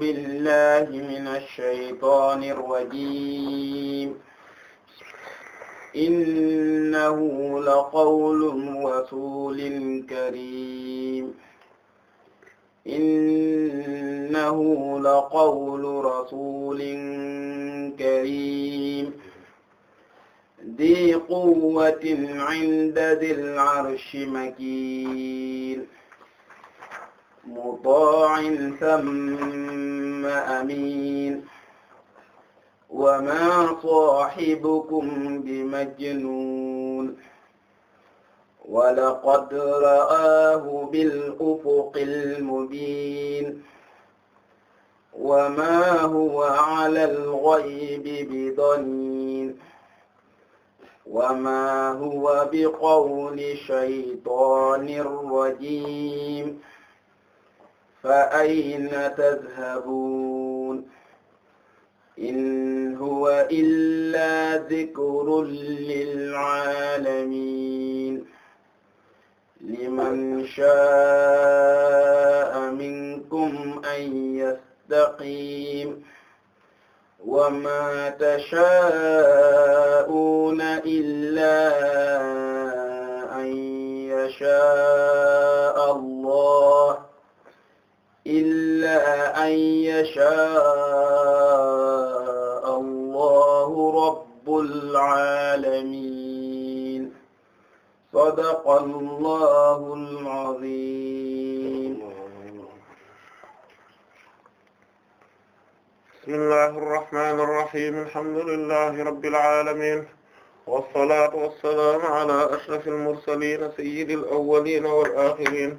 بالله من الشيطان الرجيم إنه لقول رسول كريم إنه لقول رسول كريم ذي قوة عند ذي العرش مكين مطاع ثم أمين وما صاحبكم بمجنون ولقد رآه بالأفق المبين وما هو على الغيب بضنين وما هو بقول شيطان رجيم fa ayna tadhabuun in huwa illaa dhikrun lil aalamiin liman shaa'a minkum an yastaqiim wa maa tashaa'uuna illaa an yashaa'a allah إلا أن يشاء الله رب العالمين صدق الله العظيم بسم الله الرحمن الرحيم الحمد لله رب العالمين والصلاة والسلام على أشرف المرسلين سيد الأولين والآخرين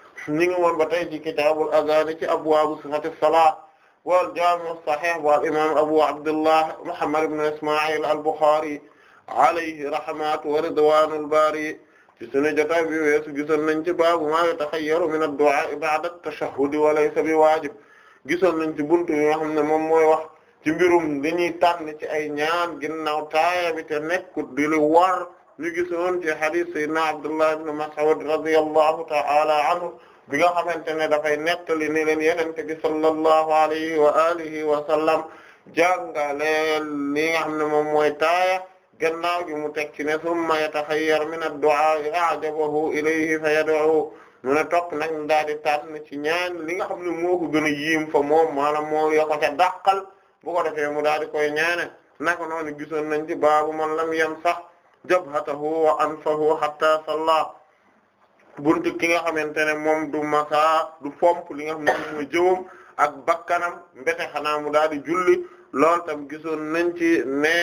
ñu ngi woon ba tey ci kitaabul azaan ci abwaabu sifati salaa wal jaami' as-sahiih wal imaam abu abdullah muhammad ibn isma'il al-bukhari alayhi rahmatu wa ridwaanul baari ci sunu jotaay bi weesu gisoon nañ ci baabu maa yatakhayyaru min ad-du'aa ba'da at-tashahhud wa laysa bi waajib gisoon nañ ci buntu bi nga xam ne moom mooy wax ci mbirum li ñuy tànn ci ay ñaan ginnaaw taaya bi te nekkut di lu war ñu gisoon ci hadiis sayyidina abdullah ibn mas'ud radiyallahu ta'ala anhu bi nga xamante ne dafay nettali ne leen yenente bi sallallahu alayhi wa alihi wa sallam jàngaleel li nga xam ne moom mooy taaya gannaaw gi mu teg ci ne summa yataxayyar min ad-du'a a'jabahu ilayhi fa yad'u mu ne topp nag mu daal di tànn ci ñaan li nga xam ne moo ko yiim fa moom maanaam moo yo ko ca dàqal ko defee mu daal di koy ñaane naka noonu gisoon nañ ci baabu man lam yam sax jabhatahu wa anfahu hatta salla buntu ki nga xamante ne moom du masa du fomp li nga xam ne mooy jëwam ak bakkanam mbete xanaa mu daal di julli lool tam gisoon nañ ci ne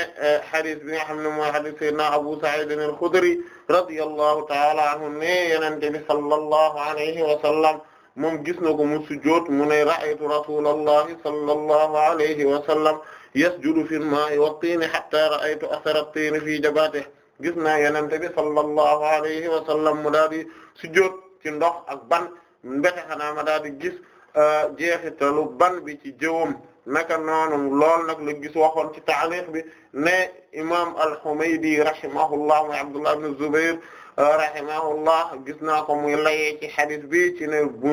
hadith eh, bi nga xam ne mooy hadith sayyidina Abu Sa'id al-Khudri radiyallahu ta'ala anhu ne yenente sallallahu alayhi wa moom gis na ko mu sujjóot mu ne ra'aytu rasulallahi sallallahu alayhi wa sallam yasjudu fi al-ma'i wa at-tin hatta ra'aytu athara at-tin fi jabatihi gis naa yenente bi sallallahu alayhi wa sallam mu ci ndox ak ban mbete xanaa ma daal di gis euh, jeexitalu ban bi ci jëwam naka noonu lool nag la gis waxoon ci taaliq bi ne imam al-Humaydi rahimahullah muy Abdullah ibn Zubayr euh, rahimahullah gis naa ko muy layee ci xadis bi ci ne bu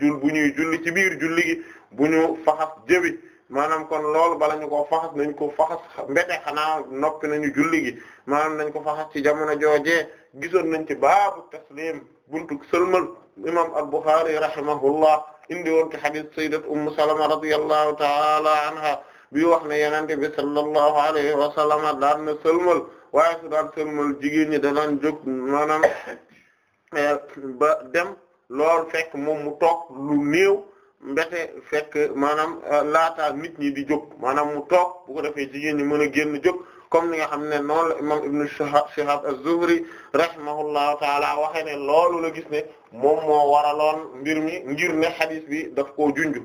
jul bu ñuy julli ci biir julli gi bu ñu faxas jëbi maanaam kon loolu bala ñu koo faxas nañ ko faxas mbete xanaa noppi nañu julli gi maanaam nañ ko faxas ci jamono joojee gisoon nañ ci baabu taslim buntu sëlmal imam al-Bukhari rahimahullah indi woon ci hadith sayyidat Umm Salama radiyallahu ta'ala anha bi wax ne yenente bi sallallahu alayhi wa sallama na sëlmal waaye su daan sëlmal jigéen ñi danaan jóg maanaam eh, ba dem lool fekk moom mu toog lu néew mbete fekk maanaam euh, laataa nit ñi di jóg maanaam mu toog bu ko defee jigéen ñi mën a génn jog comme ni nga xam ne noonu la imam ibnu Shihab az-Zuhri rahimahullahu taala waxee ne loolu la gis ne moom moo waraloon mbir mi ngir ne xadis bi daf junju junj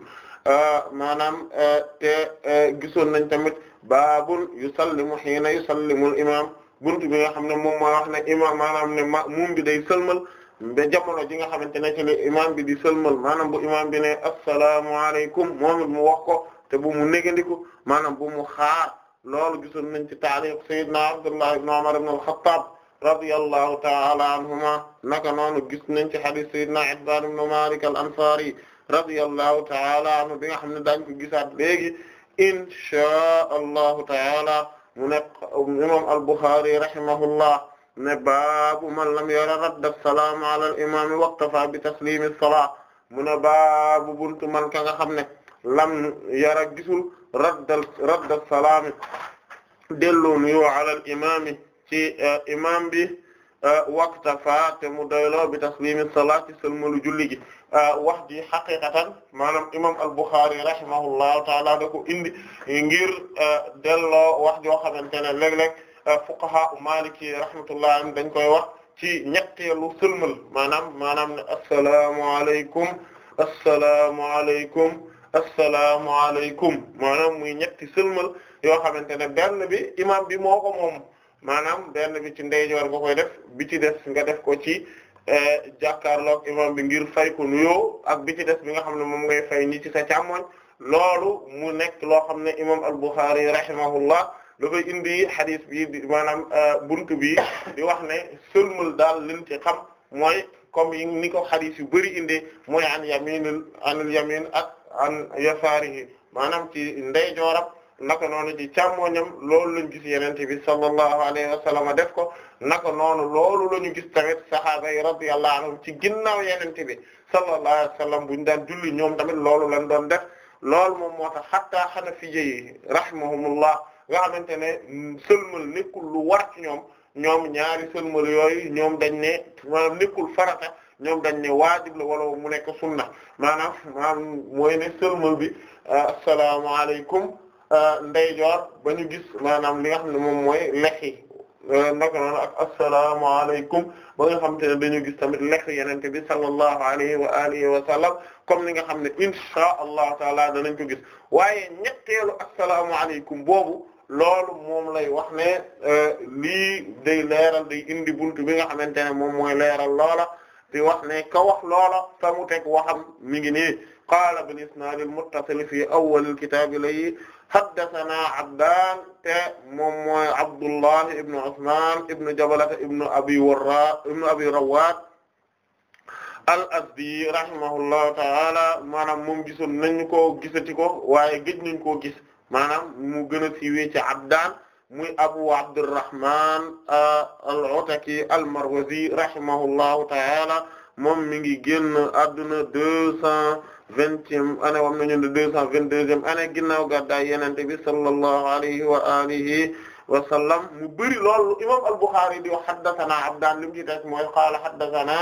euh, maanaam euh, te gisoon nañ tamit baabun yusallimu hiina yusallimul imam buntu bi nga xam ne moom moo wax ne imam maanaam ne ma muum day sëlmal ba jamono ji nga xamante ne ci la imaam bi di sëlmal maanaam bu imaam bi ne asalaamaaleykum moom mu wax ko te bu mu négandiku maanaam bu mu xaar loolu gisoon nañ ci taariix Seydina Abdullah ibn Umar ibn al-Khattab radiyallahu ta'ala anhuma naka noonu gis nañ ci hadith Seydina Itbaan ibn Maalik al-Ansaari radiyallahu ta'ala anhu bi nga xam ne daañu ko gisaat léegi inshaa Allahu ta'ala mu nekk imam al-Bukhari rahimahullah ne baabu man lam yara radda salaam ala al imaam waqtafa bi taslimi salaa mu ne baabu buntu man ka nga xam ne lam yara gisul radda radda salaami delloo nuyoo ala al imaam ci eh, imaam bi eh, waqtafa te mu doyloo bi taslimi salaa ci sëlmalu julli gi eh, wax ji xaqiqatan maanaam imaam al buxaari rahimahullahu taala da ko indi ngir delloo wax joo xamante ne léeg-léeg. fuqaha u maliki rahmatullah am dañ koy wax ci ñetteelu sëlmal maanaam maanaam ne assalaamu alaykum assalaamu alaykum assalaamu alaykum maanaam muy ñetti sëlmal yoo xamante ne benn bi imam bi moo ko moom maanaam benn bi ci ndeyjoor nga koy def bi ci des nga def ko ci eh, jàkkaarloog imam bi ngir fay ko nuyoo ak bi ci des bi nga xam ne moom ngay fay ñi ci sa càmmoñ loolu mu nekk loo xam ne imam al-Bukhari rahimahullah lu indi xadis bi di maanaam euh, buntu bi di wax ne sëlmal daal liñ ci xam mooy comme ni ko xadis yu bëri indi mooy an yaminil anil yamin ak an yasaarihi maanaam ci ndeyjooram naka noonu ci càmmoñam loolu lañ gis yenente bi sallallahu alayhi wa sallam def ko naka noonu loolu la ñu gis tamit sahaaba yi radiyallahu ci ginnaaw yenente bi sallallahu alayhi wa bu ñu daan julli ñoom tamit loolu lañ doon def loolu moom moo tax xattaa xanafi yi nga xamante ne mm, sëlmal nekkul lu war ñoom ñoom ñaari sëlmal yooyu ñoom dañ ne maanaam nekkul farata ñoom dañ ne waajib la wala mu nekk sunna maanaam maanaam mooy ne sëlmal bi ah, asalaamaaleykum ah, ndeyjoor ba ñu gis maanaam li nga xam ne moom mooy lex yi eh, naka ak ak asalaamaaleykum ba nga xamante ne dañu gis tamit lex yenente bi sallallahu alayhi wa alihi wa sallam comme ni nga xam ne insha allahu taala danañ ko gis waaye ñetteelu asalaamaaleykum boobu loolu moom lay wax ne euh, lii day leeral day indi buntu bi nga xamante ne moom mooy leeral loola di wax ne ka wax loola fa mu teg waxam mi ngi nii qaala bil isnaad al muttasil fi awwal al kitaab lay haddasanaa Abdaan te moom mooy Abdullah ibn Usmaan ibn Jabalata ibn Abi Warraa ibn Abi Rawwaad al asdi rahimahullahu taala maanaam moom gisoon nañu ko gisati ko waaye gëj nañu koo gis maanaam mu gën a siiwee ci Abdaan muy Abu Abdurrahman uh, al-Ataki al-Marwazi rahimahullahu ta'ala moom mi ngi génn adduna deux cent vingtième année wam nañu ne deux cent vingt-deuxième année ginnaaw gàddaay Yonent bi sallallahu alayhi wa alihi wa sallam mu bëri loolu imam al-Bukhari di wax haddathana Abdaan li mu ci teg mooy qaala haddathana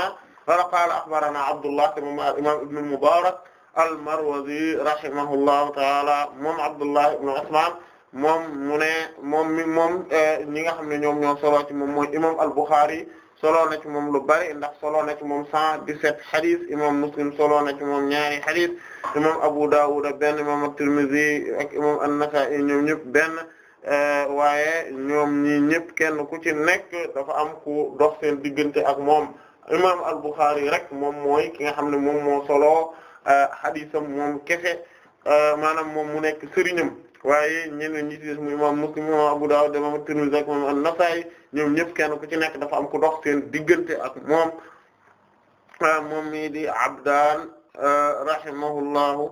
qaala akhbarana Abdullah te moom imam Ibn al-Mubarak al-Marwazi rahimahullahu taala moom Abdullah ibn Usman moom mu ne moom mi moom eh, ñi nga xam ne ñoom ñoo solo ci moom mooy imam al-Bukhari solo na ci moom lu bari ndax solo na ci moom 117 hadith imam Muslim solo na ci moom ñaari hadith imam Abu Dawud ben imam at-Tirmidhi ak imam an-Nasa'i ñoom ñëpp benn eh, waaye ñoom ñi ñëpp kenn ku ci nekk dafa am ku dox seen diggante ak moom imam al-Bukhari rek moom mooy ki nga xam ne moom moo solo xadisam euh, moom kese euh, maanaam moom mu nekk sëriñam waaye ñeneen ñi mu imam Muslim imam Abu Dawud imam Tirmidhi ak imam An-Nasa'i ñoom ñëpp kenn ku ci nekk dafa am ku dox seen diggante ak moom euh, moom mii di Abdaan rahimahullahu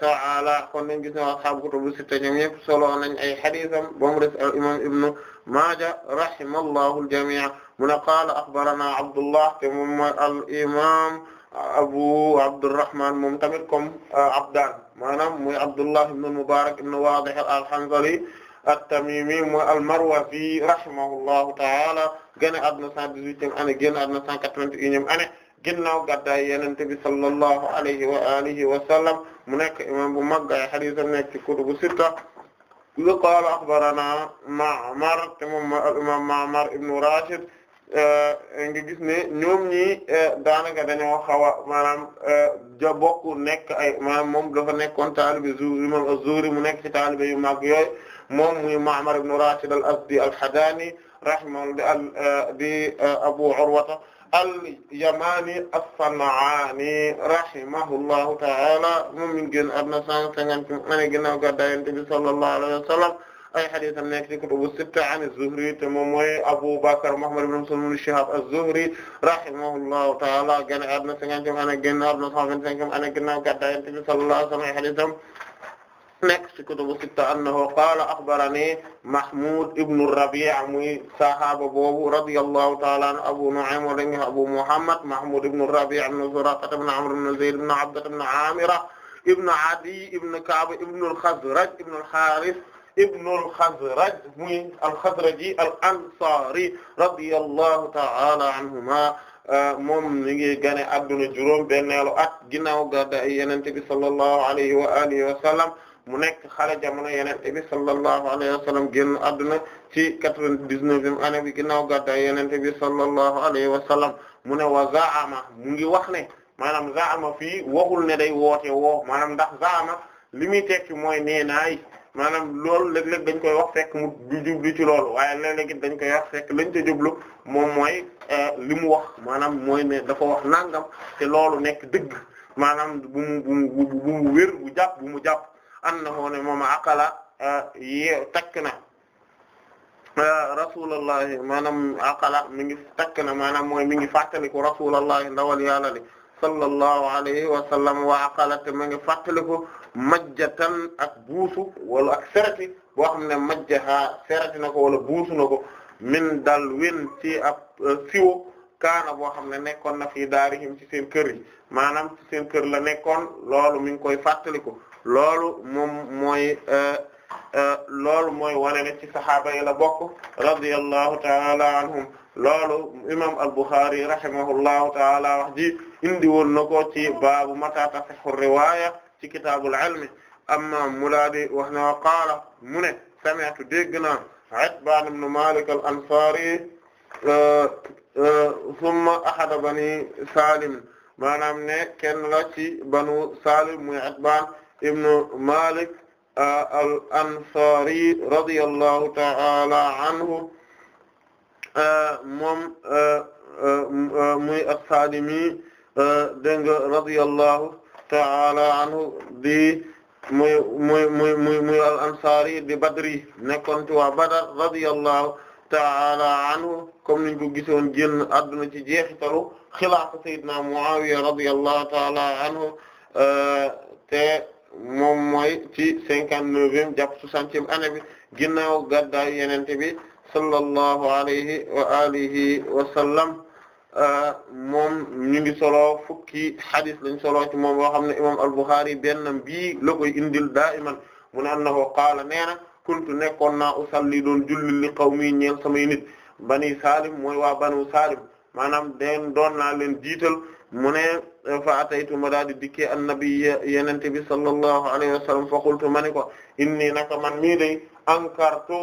ta'ala kon nañ gis ne ashaabu kutubu sitta ñoom ñëpp solo nañ ay hadiisam ba mu des imam Ibnu Maaja rahimallahu al-jamii' mu ne Abdullah te moom al imam Abu Abdurrahman moom tamit comme euh, Abdaan maanaam muy Abdullah ibn al-Mubarak ibn Wadih al-Hanzali at-Tamimi muy al-Marwazi rahimahullahu ta'ala génn àdduna 118 année génn àdduna 181 année ginnaaw gàddaay Yonent bi sallallahu alayhi wa alihi wa sallam mu nekk imam bu mag ay hadiisam nekk ci kutubu sitta lu qaala akhbaranaa Ma'mar te moom al-imam Ma'mar ibn Rashid Euh, nga gis ne ñoom ñi euh, daanaka dañoo xaw a maanaam euh, ja bokk nekk ay maanaam moom dafa nekkoon taalibe Zuhri imam az mu nekk ci taalibe yu mag yooyu moom muy Ma'mar ibn Rashid al-Azdi al-Hadani rahimahullah di Abu Urwata al-Yamani as-San'ani rahimahullahu ta'ala moom mi ngi génn àdduna 150 année ginnaaw gàddaay Yonent bi sallallahu alayhi wa sallam ay hadiisam nekk ci kutubu sitta an az-Zuhri te moom mooy Abu Bakr Muhammad ibn Muslim ibn Shihab az-Zuhri rahimahullahu ta'ala génn àdduna cinquantième année génn àdduna cent vingt-cinquième année ginnaaw gàddaay Yonent bi sallallahu alayhi wa sallam ay hadiisam nekk ci kutubu sitta annahu qaala axbarani Mahmoud ibn Rabi' muy sahaaba boobu radiyallahu ta'ala anhu Abu Nu'aym wala ñu Abu Muhammad Mahmoud ibn Rabi' ibn Zuraqa ibn Amr ibn Zayd ibn Abda ibn Amira ibn Adi ibn Ka'b ibn al-Khazraj ibn al-Harith ibnu al-Khazraj muy al-Khazraji al-Ansari radiyallahu ta'ala anhuma euh, moom mi ngi gane adduna juróom benneelu at ginnaaw gàddaay Yonent bi sallallahu alayhi wa alihi wa sallam mu nekk xale jamono Yonent bi sallallahu alayhi wa sallam ci quatre bi ginnaaw gàddaay Yonent bi sallallahu alayhi mu ne wa zaama mu ngi wax ne maanaam zaama fii waxul ne day woote woo maanaam ndax zaama li muy tekki mooy maanaam loolu léeg-léeg dañ koy wax fekk mu du jublu ci loolu waaye léeg-léeg dañ koy wax fekk lañ ca jublu moom mooy euh, li mu wax maanaam mooy ne dafa wax nangam te loolu nekk dëgg maanaam bu mu bu mu bu mu wér bu jàpp bu mu jàpp ànd na moo ne moom aqala euh, yeew takk na euh, rasulallahi maanaam aqala mi ngi takk na maanaam mooy mi ngi fàttaliku rasulallahi ndawal yàlla li sallallahu alayhi wa sallam wa aqala te mi ngi fàttaliku majjatan ak buusu wala ak sereti boo xam ne majjahaa sereti na ko wala buusu na ko min dal win ci ab euh, siwo kaana boo xam ne nekkoon na fii daarihim ci seen kër yi maanaam ci seen kër la nekkoon loolu mi ngi koy fàttaliku loolu moom mooy euh, euh, loolu mooy wane ne ci saxaaba yi la bokk radiyallahu taala anhum loolu imam al-Bukhari rahimahullahu taala wax ji indi woon na ko ci baabu mata tasihhu riwaaya ci kitaabul ilmi amma mulaadi wax na wa qaala mu ne sami'tu dégg naa Itbaan ibn Maalik al-Ansaari euh, euh, summa ahada bani Saalim maanaam ne kenn la ci banu Saalim muy Itbaan ibn Maalik euh, al-Ansaari radiyallahu ta'ala anhu moom muy as-Saalimi dégg nga radiyallahu ta'ala anhu di ansari di badri nekkoon ci waa Badar radiyallahu ta'ala anhu comme niñ ko gisoon génn adduna ci jeexitalu xilaafa sayyidina Muawiya radiyallahu ta'ala anhu euh, te moom mooy ci cinquante-neuvième jàpp soixantième année bi ginnaaw gàddaay yenente bi sallallahu alayhi wa alihi wa sallam Euh, moom ñu ngi solo fukki hadis lañ solo moom boo xam ne imam al-Bukhari benn bii la koy indil daiman mu ne annahu qaala nee na kuntu nekkoon naa usalli doon julli li qawmi ñeel samay nit bani Salim mooy waa banu Salim maanaam den doon naa leen jiital mu ne fa ataytu ma daal di dikkee annabi yenente bi sallallahu alayhi wa sallam fa qultu ma ni ko inni naka man mi day ankartu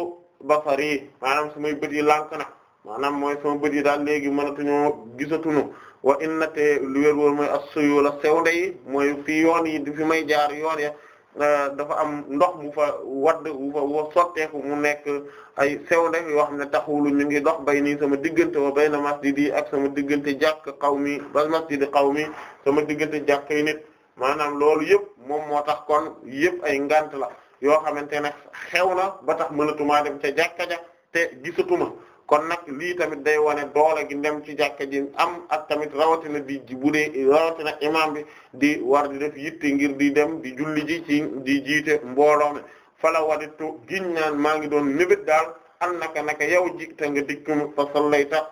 basari maanaam su may bët yi lànk na maanaam mooy sama bët yi daal léegi mënatuñoo gisatuñu wa inna te lu wér wóor mooy as-suyul sew ndey mooy fii yoon yi fi may jaar yoon ya eh, dafa am ndox mu fa wadd mu fa sotteeku mu nekk ay sew ndey yoo xam ne taxawlu ñu ngi dox bay nii sama diggante wa bay na masjid yi ak sama diggante jàkk xaw mi ba masjid xaw mi sama diggante jàkk yi nit maanaam loolu yëpp moom moo tax kon yëpp ay ngant la yoo xamante ne xew na ba tax mënatumaa dem ca jàkka te gisatuma kon nag lii tamit day wane doole gi ndem ci jàkka ji am ak tamit rawatina di ji bu dee rawatina imaam di war di def yitte ngir di dem di julli ji ci di jiite mbooloo mi fala waditu giñ naan maa ngi doon nébét daal an naka naka yow ji te nga fa sallayta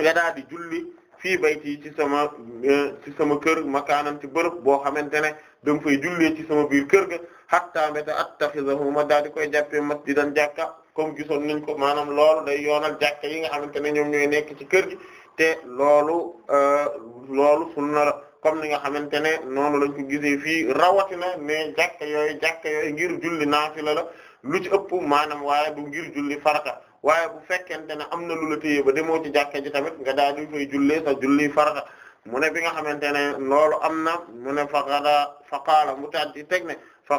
nga di julli fii bayti ci sama eh, ci sama kër makaanan ci bërëb boo xamante ne danga fay ci sama biir kër ga hatta mbéta attaxizahu ma daal di koy jàppee masjidan jàkka comme gisoon nañ ko maanaam loolu day yoonal jàkka yi nga xamante ne ñoom ñooy nekk ci kër gi te loolu euh, loolu sunna la comme ni nga xamante ne noonu lañ ko gisee fii rawatina ne jàkka yooyu jàkka yooyu ngir julli naafila la lu ci ëpp maanaam waaye du ngir julli farata waaye bu fekkente ne am na lu la téye ba demoo ci jàkka ji tamit nga daal di fay jullee julli farata mu ne bi nga xamante ne loolu am na mu ne faqada faqaala mu taat di teg ne fa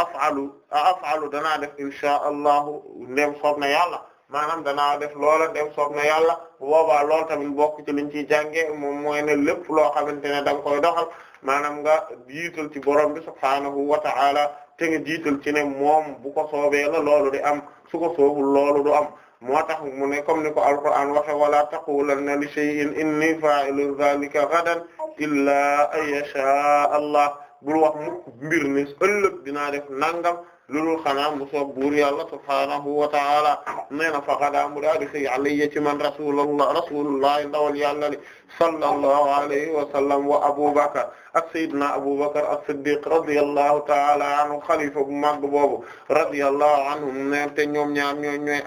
af'alu af'alu danaa def insha allahu ndem soob na yàlla maanaam danaa def loola ndem soob na yàlla boobaa lool tamit bokk ci liñ ciy jànge moom mooy ne lépp loo xamante ne da nga doxal maanaam nga jiital ci borom bi subhaanahu wa ta'ala te nga jiital ci ne moom bu ko soobee la loolu am su ko soobul am moo tax mu ne comme ni ko alquran waxe wala taqulanna li shay'in inni fa'ilu dhalika ghadan illa an yasha allah bul wax mukk mbir ni ëllëg dinaa def nangam lu xanaa mu soob buur yàlla subhaanahu wa taala nee na faqadaa mu daal di xëy alayya ci man rasulullah rasulullah ndawal yàlla li sallallahu alayhi wa sallam wa aboubacar ak sayyidina aboubacar as-siddiq radiyallahu taala anhu xalifa bu màgg boobu radiyallahu anhum nee te mu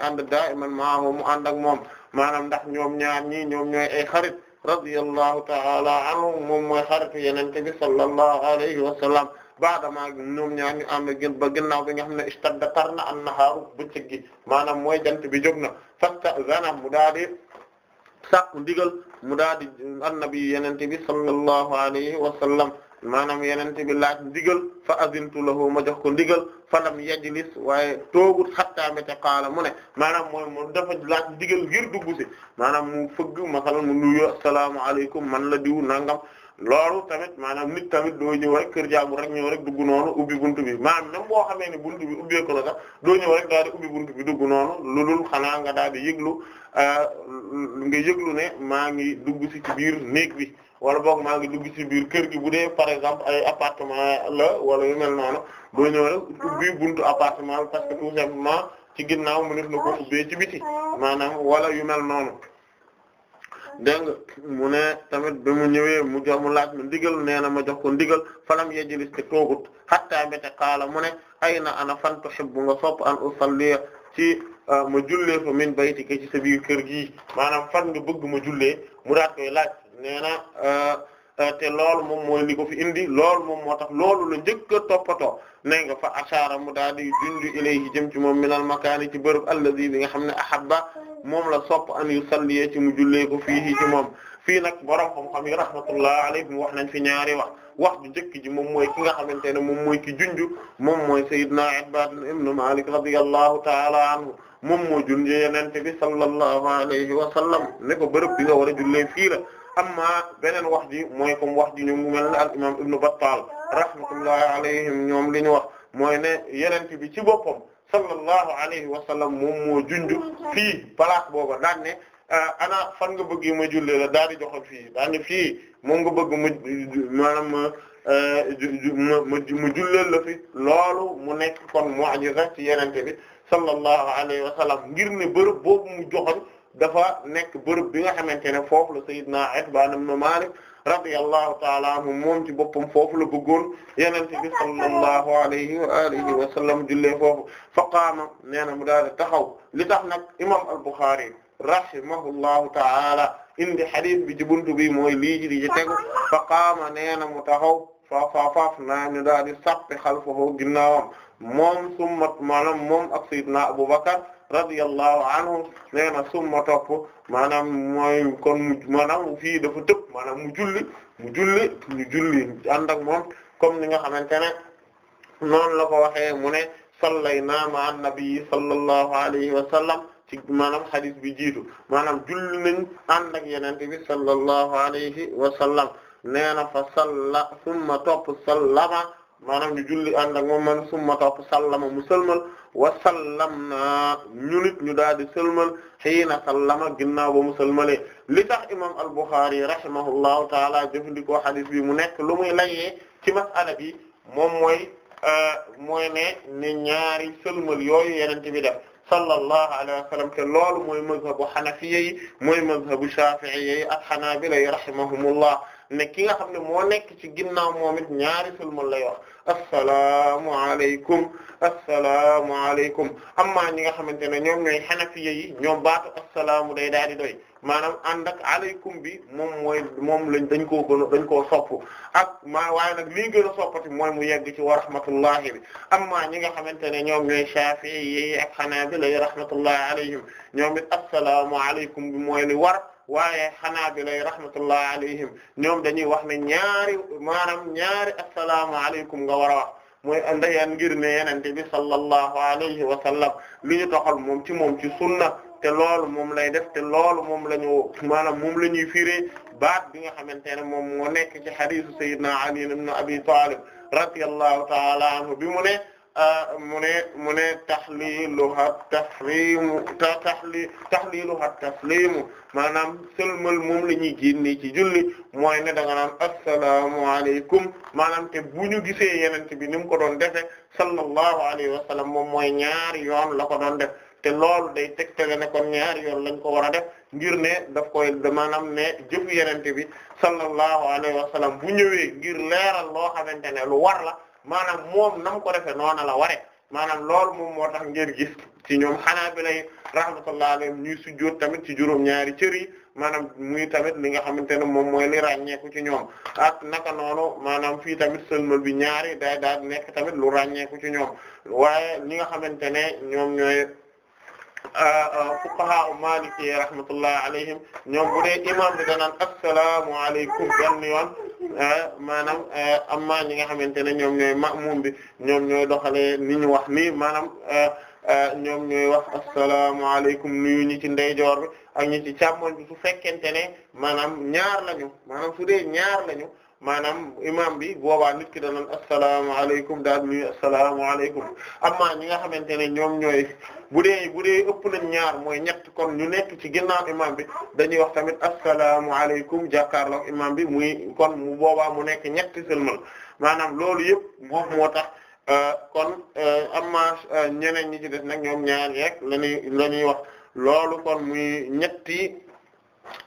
ànd ak moom maanaam ndax ñoom ñaar ñii radiyallahu ta'ala anhum moom mooy xaritu yenente bi sallallahu alayhi wa sallam baadama ñoom ñaar ñu ànd gën ba ginnaaw bi nga xam ne istadda tar na an-nahaaru bëccëg gi maanaam mooy jant bi jóg na fasta'zana mu daa di sàkku ndigal mu daa di annabi yenente bi sallallahu alayhi wa sallam maanaam yenente bi laaj ndigal fa azintu lahu ma jox ko ndigal fa lam yajlis waaye toogut xattaa méta qaala mu ne maanaam mooy moom dafa laaj ndigal ngir dugg si maanaam mu fëgg masalan mu nuyu assalaamu alaykum man la diw nangam loolu tamit maanaam nit tamit doo ñëw kër jaamu rek ñëw rek dugg noonu ubbi buntu bi maanaam nam boo xamee ne buntu bi ubbeeku na sax doo ñëw rek daal ubbi buntu bi dugg noonu loolul xanaa nga daal di yëglu euh, nga yëglu ne maa ngi dugg si ci biir néeg bi wala boog maa ngi dugg ci biir kër gi bu dee par exemple ay appartement la wala yu mel noonu doo ñëw rek ubbi buntu appartement parce que tout simplement ci ginnaaw mu nekk na ko ubbee ci biti maanaam wala yu mel noonu dégg ne tamit bi mu mu jox mu laaj ma ndigal nee na ma jox ko ndigal falam yejilis te toogut xattaa mbéte mu ne ay na ana fan tuhibbu nga sopp an usalliya ci ah, ma jullee fa min bayti ke ci sa biir kër gi maanaam fan nga bëgg ma jullee mu koy laaj nee na euh, euh, te loolu moom mooy li ko fi indi lool moom moo tax loolu la njëkk a toppatoo nee nga fa ashaara mu daal di junj ilayhi jëm ci moom minal makaani ci bërëb allazi bi nga xam ne ahabba moom la sopp an yu salli ci mu jullee ko fii ci moom. fii nag borom xam-xam yi rahmatullah alayhim wax nañ fi ñaari wax wax bu njëkk ji moom mooy ki nga xamante ne moom mooy ki junj moom mooy Seydina Irbad ibn Malik radiyallahu ta'ala anhu moom moo junj yenente bi sallallahu alayhi wa sallam ne ko bërëb bi nga war a jullee fii la amma beneen wax ji mooy comme wax ji ñu mu mel ne al imam ibnu battal rahmatullahi alayhim ñoom li ñu wax mooy ne yenente bi ci boppam sallallahu alayhi wa sallam moom moo junj fii place booba daan ne ah, ana fan nga bëgg ma jullee la daal di joxoon fii daan ne fii moom nga bëgg ma maanaam ma eh, ma julleel la fi loolu mu nekk kon mu'jiza ci yenente bi sallallahu alayhi wa sallam ngir ne bërëb boobu mu joxoon dafa nekk bërëb bi nga xamante ne foofu la sayyidna Itbaan ibn Maalik radiyallahu ta'ala anhu moom ci boppam foofu la bëggoon yonent bi sallallahu alayhi wa alihi wa fa qaama nee na mu daal di taxaw li tax nag imam al-Bukhari rahimahullahu ta'ala indi hadith bi ci buntu bi mooy lii di ci tegu fa qaama nee mu taxaw fa fa faaf naa ñu daal di sàppi xalfahu ginnaawam moom summat maanaam moom ak sayyidna Abubakar radiyallahu anhu nee na summa topp maanaam mooy kon mu maanaam fii dafa tëb mu julli mu julli mu julli moom comme ni nga xamante ne noonu la ko waxee mu ne sallayna ma'an nabiyyi sallallahu alayhi wa sallam ci maanaam hadith bi jiitu maanaam julli nañ ànd ak yenente bi sallallahu alayhi wa sallam nee na fa salla summa topp sallama maanaam ñu julli ànd ak moom man summa topp sallama mu sëlmal wa sallam naa ñu nit ñu daal di sëlmal xiina sallama ginnaaw ba mu sëlmale li tax imam al-Bukhari rahimahullahu taala jëfandikoo xadis bi mu nekk lu muy layee ci masala bi moom mooy euh, mooy ne ne ñaari sëlmal yooyu yenente bi def sallallahu alayhi wa sallam te loolu mooy mazhabu xanafiya yi mooy mazhabu shafi'iyya yi ak xanaabila yi rahimahumullah ne ki nga xam ne moo nekk ci ginnaaw moom it ñaari sëlmal lay wax assalaamu aleykum assalaamu aleykum amma ñi nga xamante ne ñoom ñooy xanafiya yi ñoom baatu assalaamu day daal di doy maanaam ànd ak aleykum bi moom mooy moom lañ dañ koo gën dañ koo sopp ak maa waaye nag lii gën mooy mu yegg ci wa rahmatullahi bi amma ñi nga xamante ne ñoom ñooy Shafi'i yi ak Hanabila yi rahmatullahi alayhim ñoom it bi mooy li war waaye xanaabila rahmatullah alayhim ñoom dañuy wax ne ñaari maanaam ñaari assalaamu alaykum nga war a wax mooy andayan ngir ne yenente bi sallallahu alayhi wa sallam li ñu moom ci moom ci sunna te loolu moom lay def te loolu moom lañu ñu maanaam moom la ñuy firee baat bi nga xamante ne moom moo nekk ci hadiisu sayyidina Ali ibn Abi Talib radiyallahu ta'ala anhu bi mu ne mu ne mu ne tahliluha tahrimu tahli tahliluha taslimu maanaam sëlmal moom la ñuy génnee ci julli mooy ne da nga naan asalaamualeykum te bu ñu gisee yeneen bi num ko doon defee sallallahu alayhi wa sallam moom mooy ñaari yoon la ko doon def te loolu day tegtale ne kon ñaari yoon lañ ko war a def ngir ne daf koy maanaam ne jëfu yeneen bi sallallahu alayhi wa bu ñëwee ngir leeral loo xamante ne lu war la. maanaam moom nam ko defee noona la ware maanaam lool moom moo tax ngeen gis ci ñoom xanaa Hanaabila rahmatullahi alayhim si sujjóot tamit ci juróom-ñaari cër yi maanaam muy tamit li nga xamante ne moom mooy li ràññeeku ci ñoom ak naka noonu maanaam fii tamit sëlmal bi ñaari day daal tamit lu ràññeeku ci ñoom waaye ñi nga xamante ne ñoom ñooy. fuqaha u maliki rahmatullah alayhim ñoom bu dee imam bi danaan assalaamu alaykum benn yoon maanaam amma ñi nga xamante ne ñoom ñooy ma'mum bi ñoom ñooy doxalee ni ñu wax nii maanaam ñoom ñooy wax assalaamu alaykum nuyu ñi ci ndeyjoor bi ak ñi ci càmmoñ bi su fekkente ne maanaam ñaar lañu maanaam su dee ñaar lañu maanaam imam bi boobaa nit ki danan asalaamaaleykum daal nuyu asalaamaaleykum amma ñi nga xamante ne ñoom ñooy bu dee bu dee ëpp nañ ñaar mooy ñett kon ñu nekk ci ginnaaw imam bi dañuy wax tamit asalaamaaleykum jàkkaarloog imam bi muy kon mu boobaa mu nekk ñetti sëlmal maanaam loolu yëpp moom moo tax euh, kon euh, amma euh, ñeneen ñi ci des nag ñoom ñaar yeeg la ñuy la ñuy wax loolu kon muy ñetti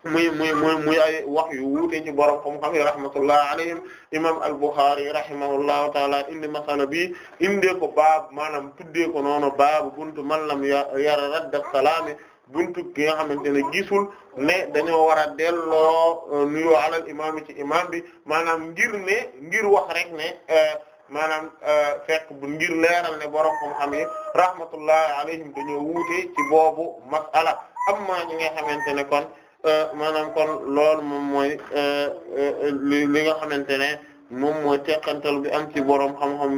muy muy muy ay wax yu wuute ci borom xam-xam yi rahmatullah alayhim imam al-Bukhari rahimahullahu taala indi masala bi indee ko baab maanaam tuddee ko noonu baabu buntu man lam yara radda salaami buntu ki nga xamante ne gisul ne dañoo war a delloo euh, nuyoo alal imaam ci imaam bi maanaam ngir ne ngir wax rek ne euh, maanaam euh, fekk bu ngir leeral ne borom xam-xam yi rahmatullahi alayhim dañoo wuute ci boobu masala amma ñi nga xamante ne kon Euh, maanaam kon lool moom mooy euh, euh, li li nga xamante ne moom mooy teqantal bi am ci borom xam-xam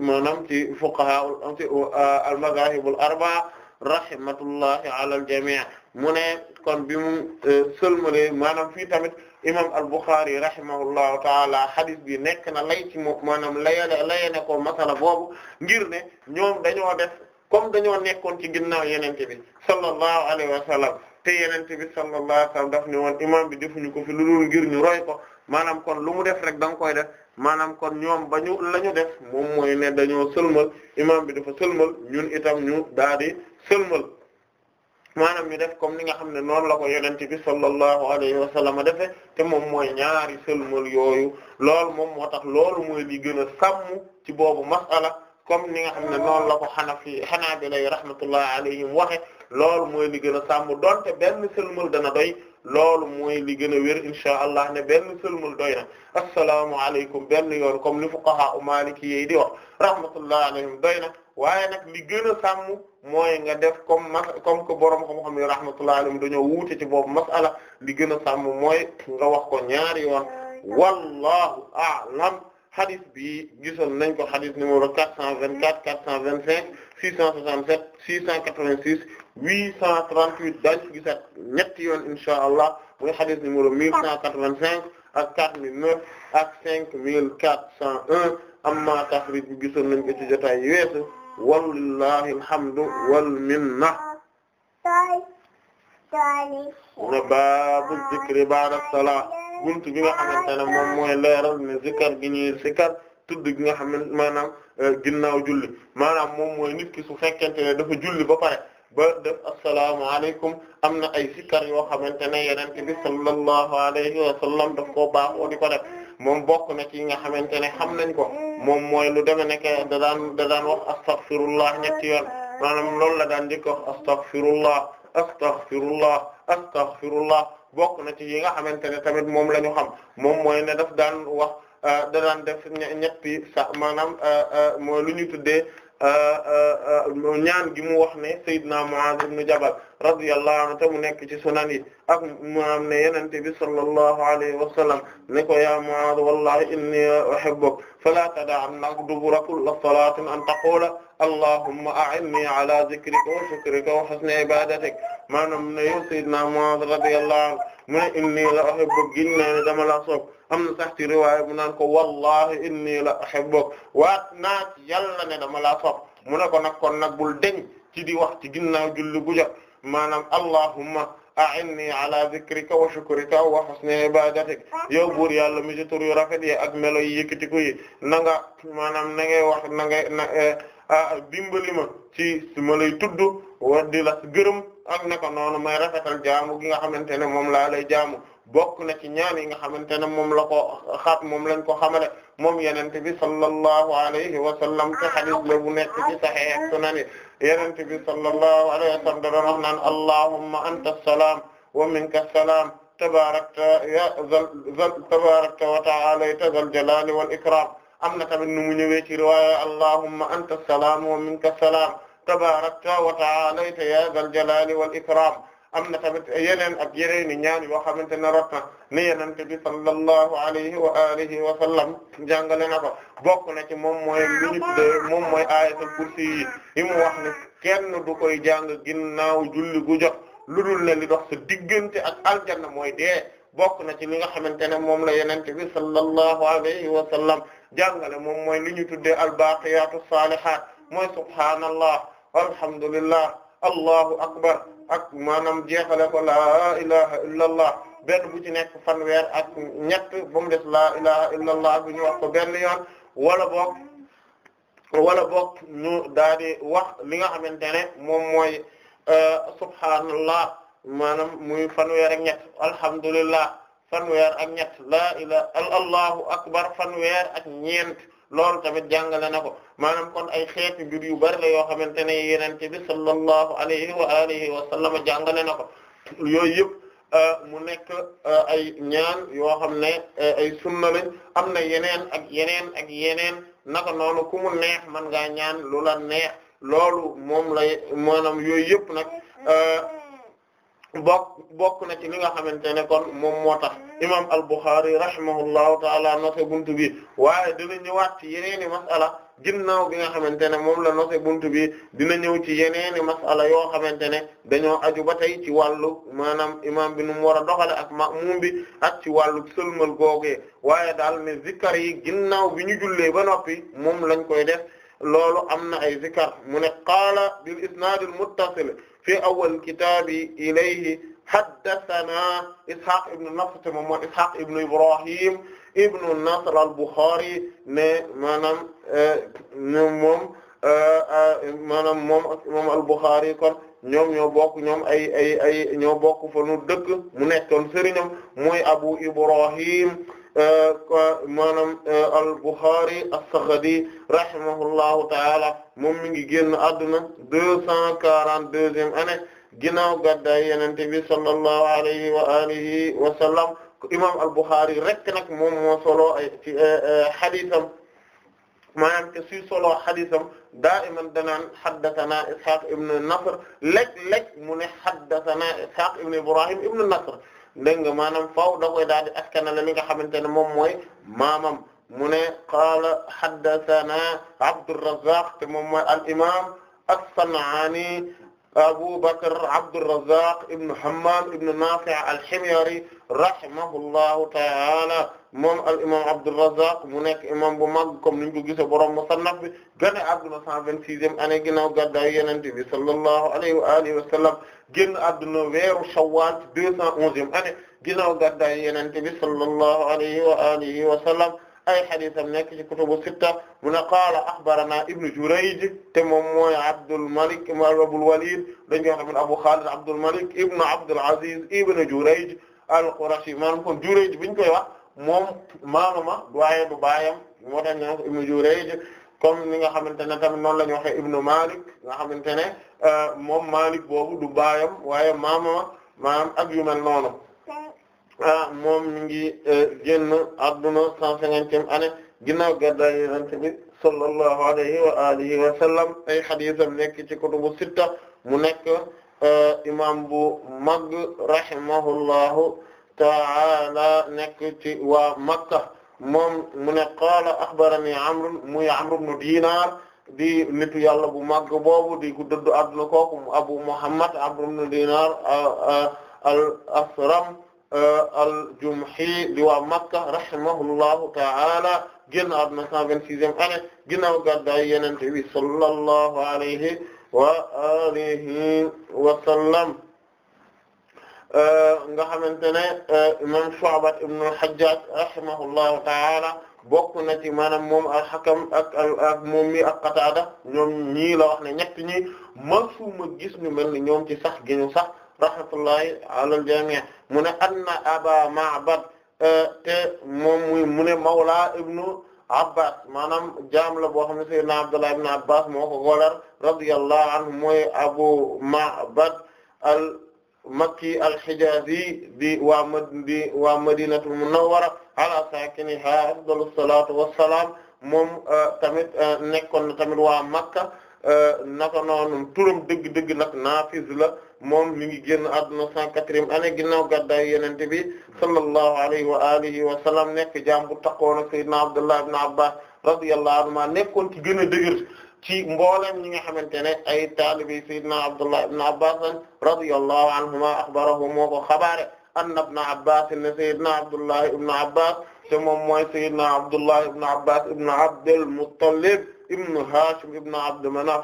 maanaam ci fuqaha am ci al-madahibul arba'a rahmatullahi al-jami' mu ne kon bi mu sëlmalee maanaam fii tamit imam al-Bukhari rahimahullahu taala hadith bi nekk na lay ci maanaam layale layane ko masala boobu ngir ne ñoom dañoo def comme dañoo nekkoon ci ginnaaw yenente bi sallallahu alayhi wa te yenente bi sallallahu alayhi wasallam daf ne woon imam bi defuñu ko fi lu dul ngir ñu roy ko maanaam kon lu mu def rek da nga koy def maanaam kon ñoom ba ñu la ñu def moom mooy ne dañoo sëlmal imam bi dafa sëlmal ñun itam ñu daal di sëlmal maanaam ñu def comme ni nga xam ne noonu la ko yonent bi sallallahu alayhi wa sallam defe te moom mooy ñaari sëlmal yooyu loolu moom moo tax loolu mooy li gën a sàmm ci boobu masala kom ni nga xam ne noonu la ko xanafi xanaabilay rahmatullahi alayhim loolu mooy li gën a sàmm donte benn sëlmal dana doy loolu mooy li gën a wér insha allah ne benn sëlmal doy na asalaamualeykum benn yoon comme ni fuqaha u maliki yi di wax rahmatullah alayhim doy na waaye nag li gën a sàmm mooy nga def comme mas comme que borom xam-xam yi rahmatullah alayhim dañoo wuute ci boobu masala li gën a sàmm mooy nga wax ko ñaari yoon wallahu a'lam hadith bi gisoon nañ ko hadith numéro 424 425 667 686 838 daañu ko gisaat ñetti yoon inshaa Allah muy hadith numéro 1185 ak 4009 ak 5401 amma taxrij bi gisoon nañ ko ci jotaay yi weesu wallahi alhamdu wal minna na baabu zikri ba'da salaat buntu bi nga xamante ne moom mooy leeral ne zikar gi ñuy zikar tudd gi nga xam ne maanaam eh, ginnaaw julli maanaam moom mooy nit ki su fekkente ne dafa julli ba pare ba def asalaamaaleykum am na ay sikkar yoo xamante ne yonent bi sallallahu alayhi wa sallam daf koo baaxoo di ko def moom bokk na ci nga xamante ne xam nañ ko moom mooy lu deme nekk da daan da daan wax astaghfirullah ñetti yoon maanaam loolu la daan njëkk wax astaghfirullah astaghfirullah astaghfirullah bokk na ci yi nga xamante ne tamit moom lañu xam moom mooy na def daan wax da daan def ñetti sa maanaam eh, eh, mooy lu ñu tuddee ñaan gi mu wax ne Seydina Muaz ibn Jabal radiyallahu anhu te mu nekk ci sunan yi ak maanaam ne yenente bi sallallahu alayhi wa sallam ne ko ya Muaz wallahi inni uhibbuk fala tada'anna dubura kulli salatin an taqula allahumma a'inni ala dhikrika wa shukrika wa husni ibadatik maanaam ne yow Seydina Muaz radiyallahu anhu mu ne inni la uhibbuk gin ne dama la sopp am na sax ci riwaaya mu naan ko wallahi inni la uhibbuk waat naa ci yàlla ne dama laa sopp mu ne ko nag kon nag bul deñ ci di wax ci ginnaaw julli gu jot maanaam allahumma a'inni ala zikrika wa shukrika wa husni ibadatik yow buur yàlla mi ci tur yu rafet ye ak melo yi yëkkatiku nanga na nga maanaam na ngay wax na ngay na eh, ah, dimbali ma ci ma lay tudd wa di la gërëm ak naka noonu may rafetal jaamu gi nga xamante ne moom laa lay jaamu bokk na ci ñaan yi nga xamante ne moom la ko xaat moom lañ ko xamale moom yenente bi sallallahu alayhi wa sallam te hadith la bu nekk ci sahih ak sunani yenente bi sallallahu alayhi wa sallam da doon wax naan allahumma anta salaam wa minka salaam tabarakta ya zal tabarakta wa ta'alayta zal jalali wal ikram am na tamit nu mu ñëwee ci riwaaya allahumma anta salaam wa minka salaam tabarakta wa ta'alayta ya zal jalali wal ikram am na tamit yeneen ak yeneen i ñaan yoo xamante ne rot na ni yenente bi sallallahu alayhi wa alihi wa sallam jàngale na ko bokk na ci moom mooy li ñu tuddee mooy ayatul kursi yi yi mu wax du koy jàng ginnaaw julli gu jot lu dul ne li dox sa diggante ak aljanna mooy dee bokk na ci li nga xamante ne moom la yenente bi sallallahu alayhi wa sallam jàngale moom mooy li ñu tuddee albaqiyatu salihat mooy subhaanallah walhamdulillah allahu akbar ak maanaam jeexale ko laa ilaha illa allah benn bu ci nekk fanweer ak ñett ba mu des laa illa allah bu ñu wax ko benn yoon wala boog wala boog wax li nga xamante ne moom mooy euh, subhaanallah maanaam muy fanweer ak ñett alhamdulillah fanweer ak ñett laa ilaha allahu akbar fanweer ak ñeent loolu tamit jàngale na ko maanaam kon ay xeeti mbir yu bari la yoo xamante ne yonent bi sallallahu alayhi wa alihi wa sallam jàngale na ko yooyu yëpp euh, mu nekk euh, ay ñaan yoo xam ne euh, ay sunna lañ am na yeneen ak yeneen ak yeneen naka noonu ku mu neex man ngaa ñaan lu la neex loolu moom lay maanaam yooyu yëpp nag bokk bokk na ci li nga xamante ne kon moom moo tax imam al-Bukhari rahimahullahu ta'ala nose buntu bi waaye dina ñëwaat ci yeneeni masala ginnaaw bi nga xamante ne moom la nose buntu bi dina ñëw ci yeneeni masala yoo xamante ne dañoo aju ba tey ci wàllu maanaam imam bi nu mu war a doxale ak ma'mum bi ak ci wàllu sëlmal googee waaye daal ne zikkar yi ginnaaw bi ñu jullee ba noppi moom lañ koy def loolu am na ay zikkar mu ne qaala bil isnaadil muttasil fi awwal kitaabi ilayhi haddathana Ishaq ibn Nasr te moom mooy Ishaq ibn Ibrahim ibn Nasr al-Bukhari ne maanaam moom maanaam moom ak imam al-Bukhari kon ñoom ñoo bokk ñoom ay ay ay ñoo bokk fa nu dëkk mu nekkoon sëriñam mooy Abu Ibrahim maanaam al-Bukhari as-Sakhdi rahimahullahu ta'ala moom mi ngi génn àdduna deux cent quarante-deuxième année ginnaaw gàddaay yenente bi sallallahu alayhi wa alihi wa sallam imam al-Bukhari rek nag moom moo solo ay ci eh, eh, xadisam maanaam te suy solo xadisam daa iman danaan haddathana Ishaq ibn Nasr léeg-léeg mu ne haddathana Ishaq ibn Ibrahim ibn Nasr dégg nga maanaam faaw da koy daal di askanale li nga xamante ne moom mooy maamam mu ne qaala haddathana Abdurrazzaq te moom mooy al imam as-San'ani Abu Bakr Abdurrazzaq ibn Hammam ibn Nafi' al-Himyari rahimahullahu ta'ala moom al imam Abdurrazzaq mu nekk imam bu mag comme niñ ko gisee borom Musannaf bi gane àdduna 126e année ginnaaw gàddaay Yonent bi sallallahu alayhi wa alihi wa sallam génn àdduna weeru Shawwal 211e année ginnaaw gàddaay Yonent bi sallallahu alayhi wa alihi wa sallam ay xadisam nekk ci kutubu sitta mu ne qaala axbarana ibnu Jurayj te moom mooy Abdul Malik Abul Walid dañ koy wax tamit Abu Xaalid Abdul Malik ibnu Abdul Aziz ibnu Jurayj al-Qurashi maanaam kon Jurayj biñ koy wax moom maamama du waaye du baayam moo tax ñu wax ibnu Jurayj comme ni nga xamante ne tamit noonu la ñu waxee ibnu Malik nga xamante ne euh, moom Malik boobu du baayam waaye maamama maanaam ak yu mel noonu Ah, moom mi ngi eh, génn adduna cent cinquantième année ginnaaw gàddaay Yonent bi sallallahu alayhi wa alihi wa sallam ay xadiisam nekk ci kutubu sitta mu nekk eh, imam bu mag rahimahullahu ta'ala nekk ci waa Makka moom mu ne qaala axbarani Amr muy Amr ibn Dinar di nitu yàlla bu màgg boobu di ku dëddu adduna kooku Abu Muhammad Amr ibn Dinar al ah, ah, Asram Euh, al-Jumhi di waa Makka rahimahullahu ta'ala génn àdduna 126e année ginnaaw gàddaay Yonent bi sallallahu alayhi wa alihi wa sallam euh, nga xamante ne euh, imam Shu'ba ibn al-Hajjaj rahimahullahu ta'ala bokk na ci maanaam moom al-Hakam ak ak moom mi ak Qatada ñoom ñii la wax ne ñett ñi mësuma gis ñu mel ni ñoom ci sax gi ñu sax. rahmatullahi alal jamii mu ne anna aba ma'bad euh, te moom muy mu ne mawla ibnu abbas maanaam jaam la boo xam ne sayyidina abdullah ibnu abbas moo ko golar radiyallahu anhu mooy abu ma'bad al makki al hijazi di waa mad di waa madinatul munawwara ala sakiniha afdalu salatu wassalam moom euh, tamit euh, nekkoon na tamit waa makka Euh, naka noonu turam dëgg-dëgg nag Naafiz la moom mi ngi génn àdduna cent quatrième année ginnaaw gàddaay yonent bi sallallahu alayhi wa alihi wa sallam nekk jaam bu takkoon ak Seydina Abdullah ibn Abbas radiyallahu anhuma nekkoon ci gën a dëgër ci mboolem ñi nga xamante ne ay taalibi Seydina Abdullah ibn Abbas radiyallahu anhuma axbarahu moo ko xabaare anna ibn Abbas ne Seydina Abdullah ibn Abbas te moom mooy Seydina Abdullah ibn Abbas ibn Abdul Muttalib ibnu Hashim ibnu Abd Manaf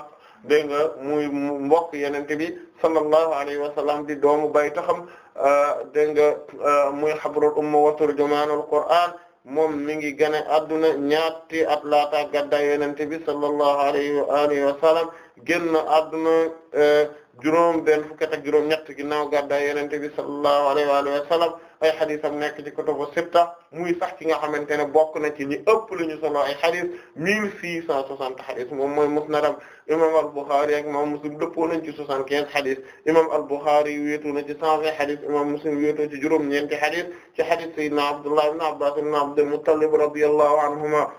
dégg nga muy mbokk yeneen bi sallallahu alayhi wa sallam di doomu bay taxam euh, dégg nga euh, muy habrul umma wa turjumaanul Qur'aan moom mi ngi gane adduna ñaati at laata gadda yenente bi sallallahu alayhi wa alihi wa sallam génn adduna euh, juróom benn fukki ak juróom ñett ginnaaw gàddaay yonent bi sallallahu alayhi wa alihi wa sallam ay xadisam nekk ci kutubu sitta muy sax ci nga xamante ne bokk na ci ñi ëpp lu ñu solo ay xadis mille six cent soixante xadis moom musnadam imam al ak imam Muslim dëppoo nañ ci soixante-quinze imam al-Bukhari na ci cent vingt imam Muslim wéetoo ci juróom ñeenti xadis ci xadis sayyidina Abdullah ibn Abbas ibn Abdul Muttalib radiyallahu anhuma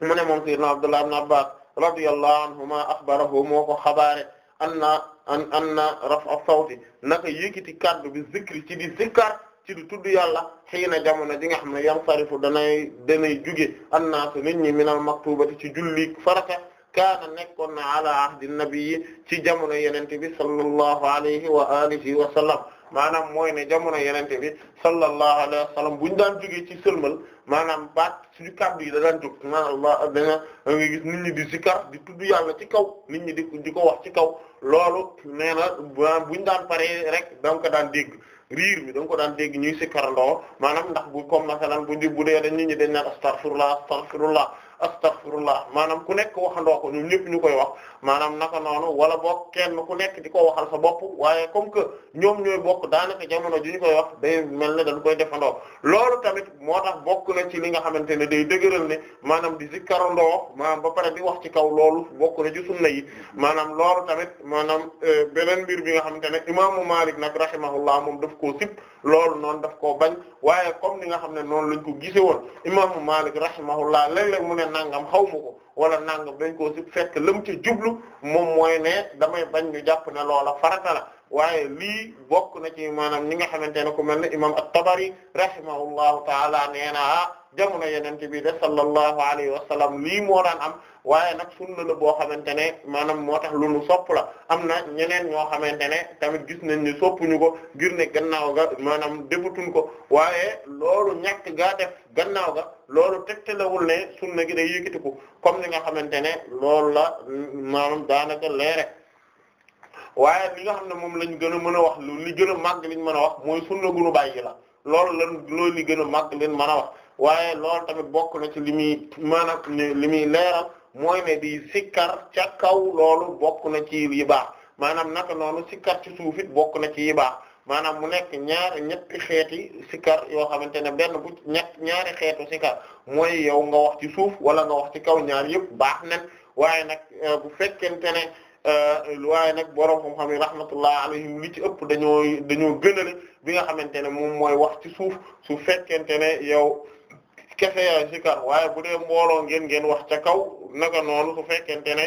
mu ne Abdullah ibn Abbas radiyallahu anhuma axbarahu moo ko xabaare anna an an na rafa sawti naka yëkkati kaddu bi zikri ci di zikkar ci di tudd yàlla xëy na jamono ji nga xam ne yam sarifu danay danay juge annaasu nit ñi minal maktubati ci julli farata kaana nekkoon na ala ahdi nabi yi ci jamono yenente bi sallallahu alayhi wa alihi wa sallam maanaam mooy ne jamono yenente bi sallallahu alayhi wa sallam bu ñu daan jógee ci sëlmal maanaam baat suñu kàddu yi da daan jóg subhaanallah dana nga gis nit ñi di sikar di tudd yàlla ci kaw nit ñi di di ko wax ci kaw loolu nee na bu ñu daan paree rek da ka daan dégg riir bi da nga daan dégg ñuy sikar ndoo maanaam ndax bu comme masalan bu bu dee dañ nit ñi dañ naan astaghfirullah astaghfirullah astaghfirullah maanaam ku nekk waxandoo ko ñu ñëpp ñu koy wax maanaam naka noonu wala boog kenn ku nekk di ko waxal sa bopp waaye comme que ñoom ñooy bokk daanaka jamono ji ñu koy wax day mel ne dañ koy defandoo loolu tamit moo tax bokk na ci li nga xamante ne day dëgëral ne maanaam di zikkarandoo maanaam ba pare di wax ci kaw loolu bokk na ci sunna yi maanaam loolu tamit maanaam euh, beneen mbir bi nga xamante ne imaamu Maalik nag rahimahullah moom def koo sip loolu noonu daf koo bañ waaye comme ni nga xam ne noonu lañ ko gisee woon imaamu Maalik rahimahullah léeg-léeg mu ne nangam xaw ma ko wala nangam dañ koo si fekk lam ci jublu moom mooy ne damay bañ ñu jàpp ne loola farata la waaye lii bokk na ci maanaam ñi nga xamante ne ku mel ne imaam at-Tabari rahimahullahu taala nee na ah jamono yeneen bi de sallallahu alayhi wa sallam lii moo daan am. waaye nag sunna la boo xamante ne maanaam moo tax lu nu sopp la am na ñeneen ñoo xamante ne tamit gis nañ ni soppuñu ko ngir ne gannaaw ga maanaam defutuñ ko waaye loolu ñàkk gaa def gannaaw ga loolu tegtalawul ne sunna gi day yëkkatiku comme ni nga xamante ne loolu la maanaam daanaka leere waaye li nga xam ne moom lañ gën a mën a wax lu gën a màgg liñ mën a wax mooy sunna gu nu bàyyi la loolu la loolu li gën a màgg leen mën a wax waaye loolu tamit bokk na ci li muy maanaam li muy leeral mooy ne di sikkar ca kaw loolu bokk na ci yi baax maanaam naka noonu sikkar ci suuf it bokk na ci yi baax maanaam mu nekk ñaar ñetti xeeti sikkar yoo xamante ne benn bu ñett ñaari xeetu sikkar mooy yow nga wax ci suuf wala nga wax ci kaw ñaar yëpp baax nañ waaye nag euh, bu fekkente ne euh, waaye nag borom xam-xam yi rahmatullah alayhim li ci ëpp dañoo dañoo gënale bi nga xamante ne moom mooy wax ci suuf su fekkente ne yow. kefe yaay sikar waaye bu dee mbooloo ngeen ngeen wax ca kaw naka noonu su fekkente ne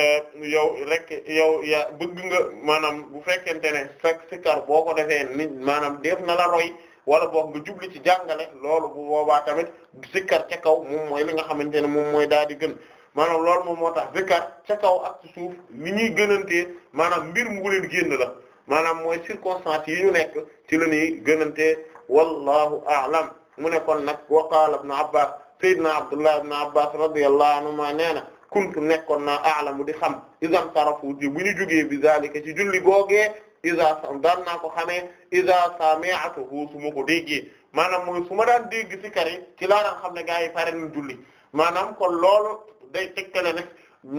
eh, yow rek yow yaa bëgg nga maanaam bu fekkente ne sa sikar boo ko defee ni maanaam def na la roy wala boog nga jubli ci jàngale loolu bu boobaa tamit sikar ca kaw mooy li nga xamante ne moom mooy daal di gën maanaam lool moom moo tax sikar ca kaw ak ci suuf ni ñuy gënantee maanaam mbir mu leen génn la maanaam mooy circonstance yi ñu nekk ci la ñuy gënantee wallahu a'lam mu ne kon nag wa qaala ibn abbas sayyidina abdullah ibn abbas radiyallahu anhuma nee na kuntu na naa mu di xam isan tarafu ji bu ñu jugee bi zalika ci julli googee isa dan naa ko xamee isa sami'atuhu su ma ko déggee maanaam mooy su ma daan dégg si kari ci laa xam ne gaa yi pare nañ julli maanaam kon loolu day tegtale nag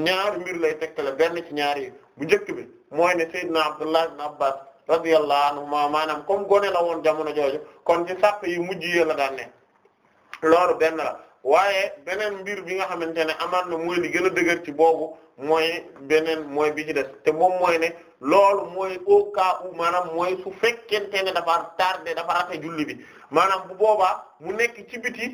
ñaari mbir lay tegtale benn ci ñaar yi bu njëkk bi mooy ne sayyidina abdullah ibn abbas radiyallahu anhuma maanaam kom gone la woon jamono jooju kon ci sàpp yi mujj yi la daan ne loolu benn la waaye beneen mbir bi nga xamante ne amaat na mooy li gën a dëgër ci boobu mooy beneen mooy bi ci te moom mooy ne loolu mooy au cas où maanaam mooy su fekkente ne dafa tardé dafa rate julli bi maanaam bu boobaa mu nekk ci biti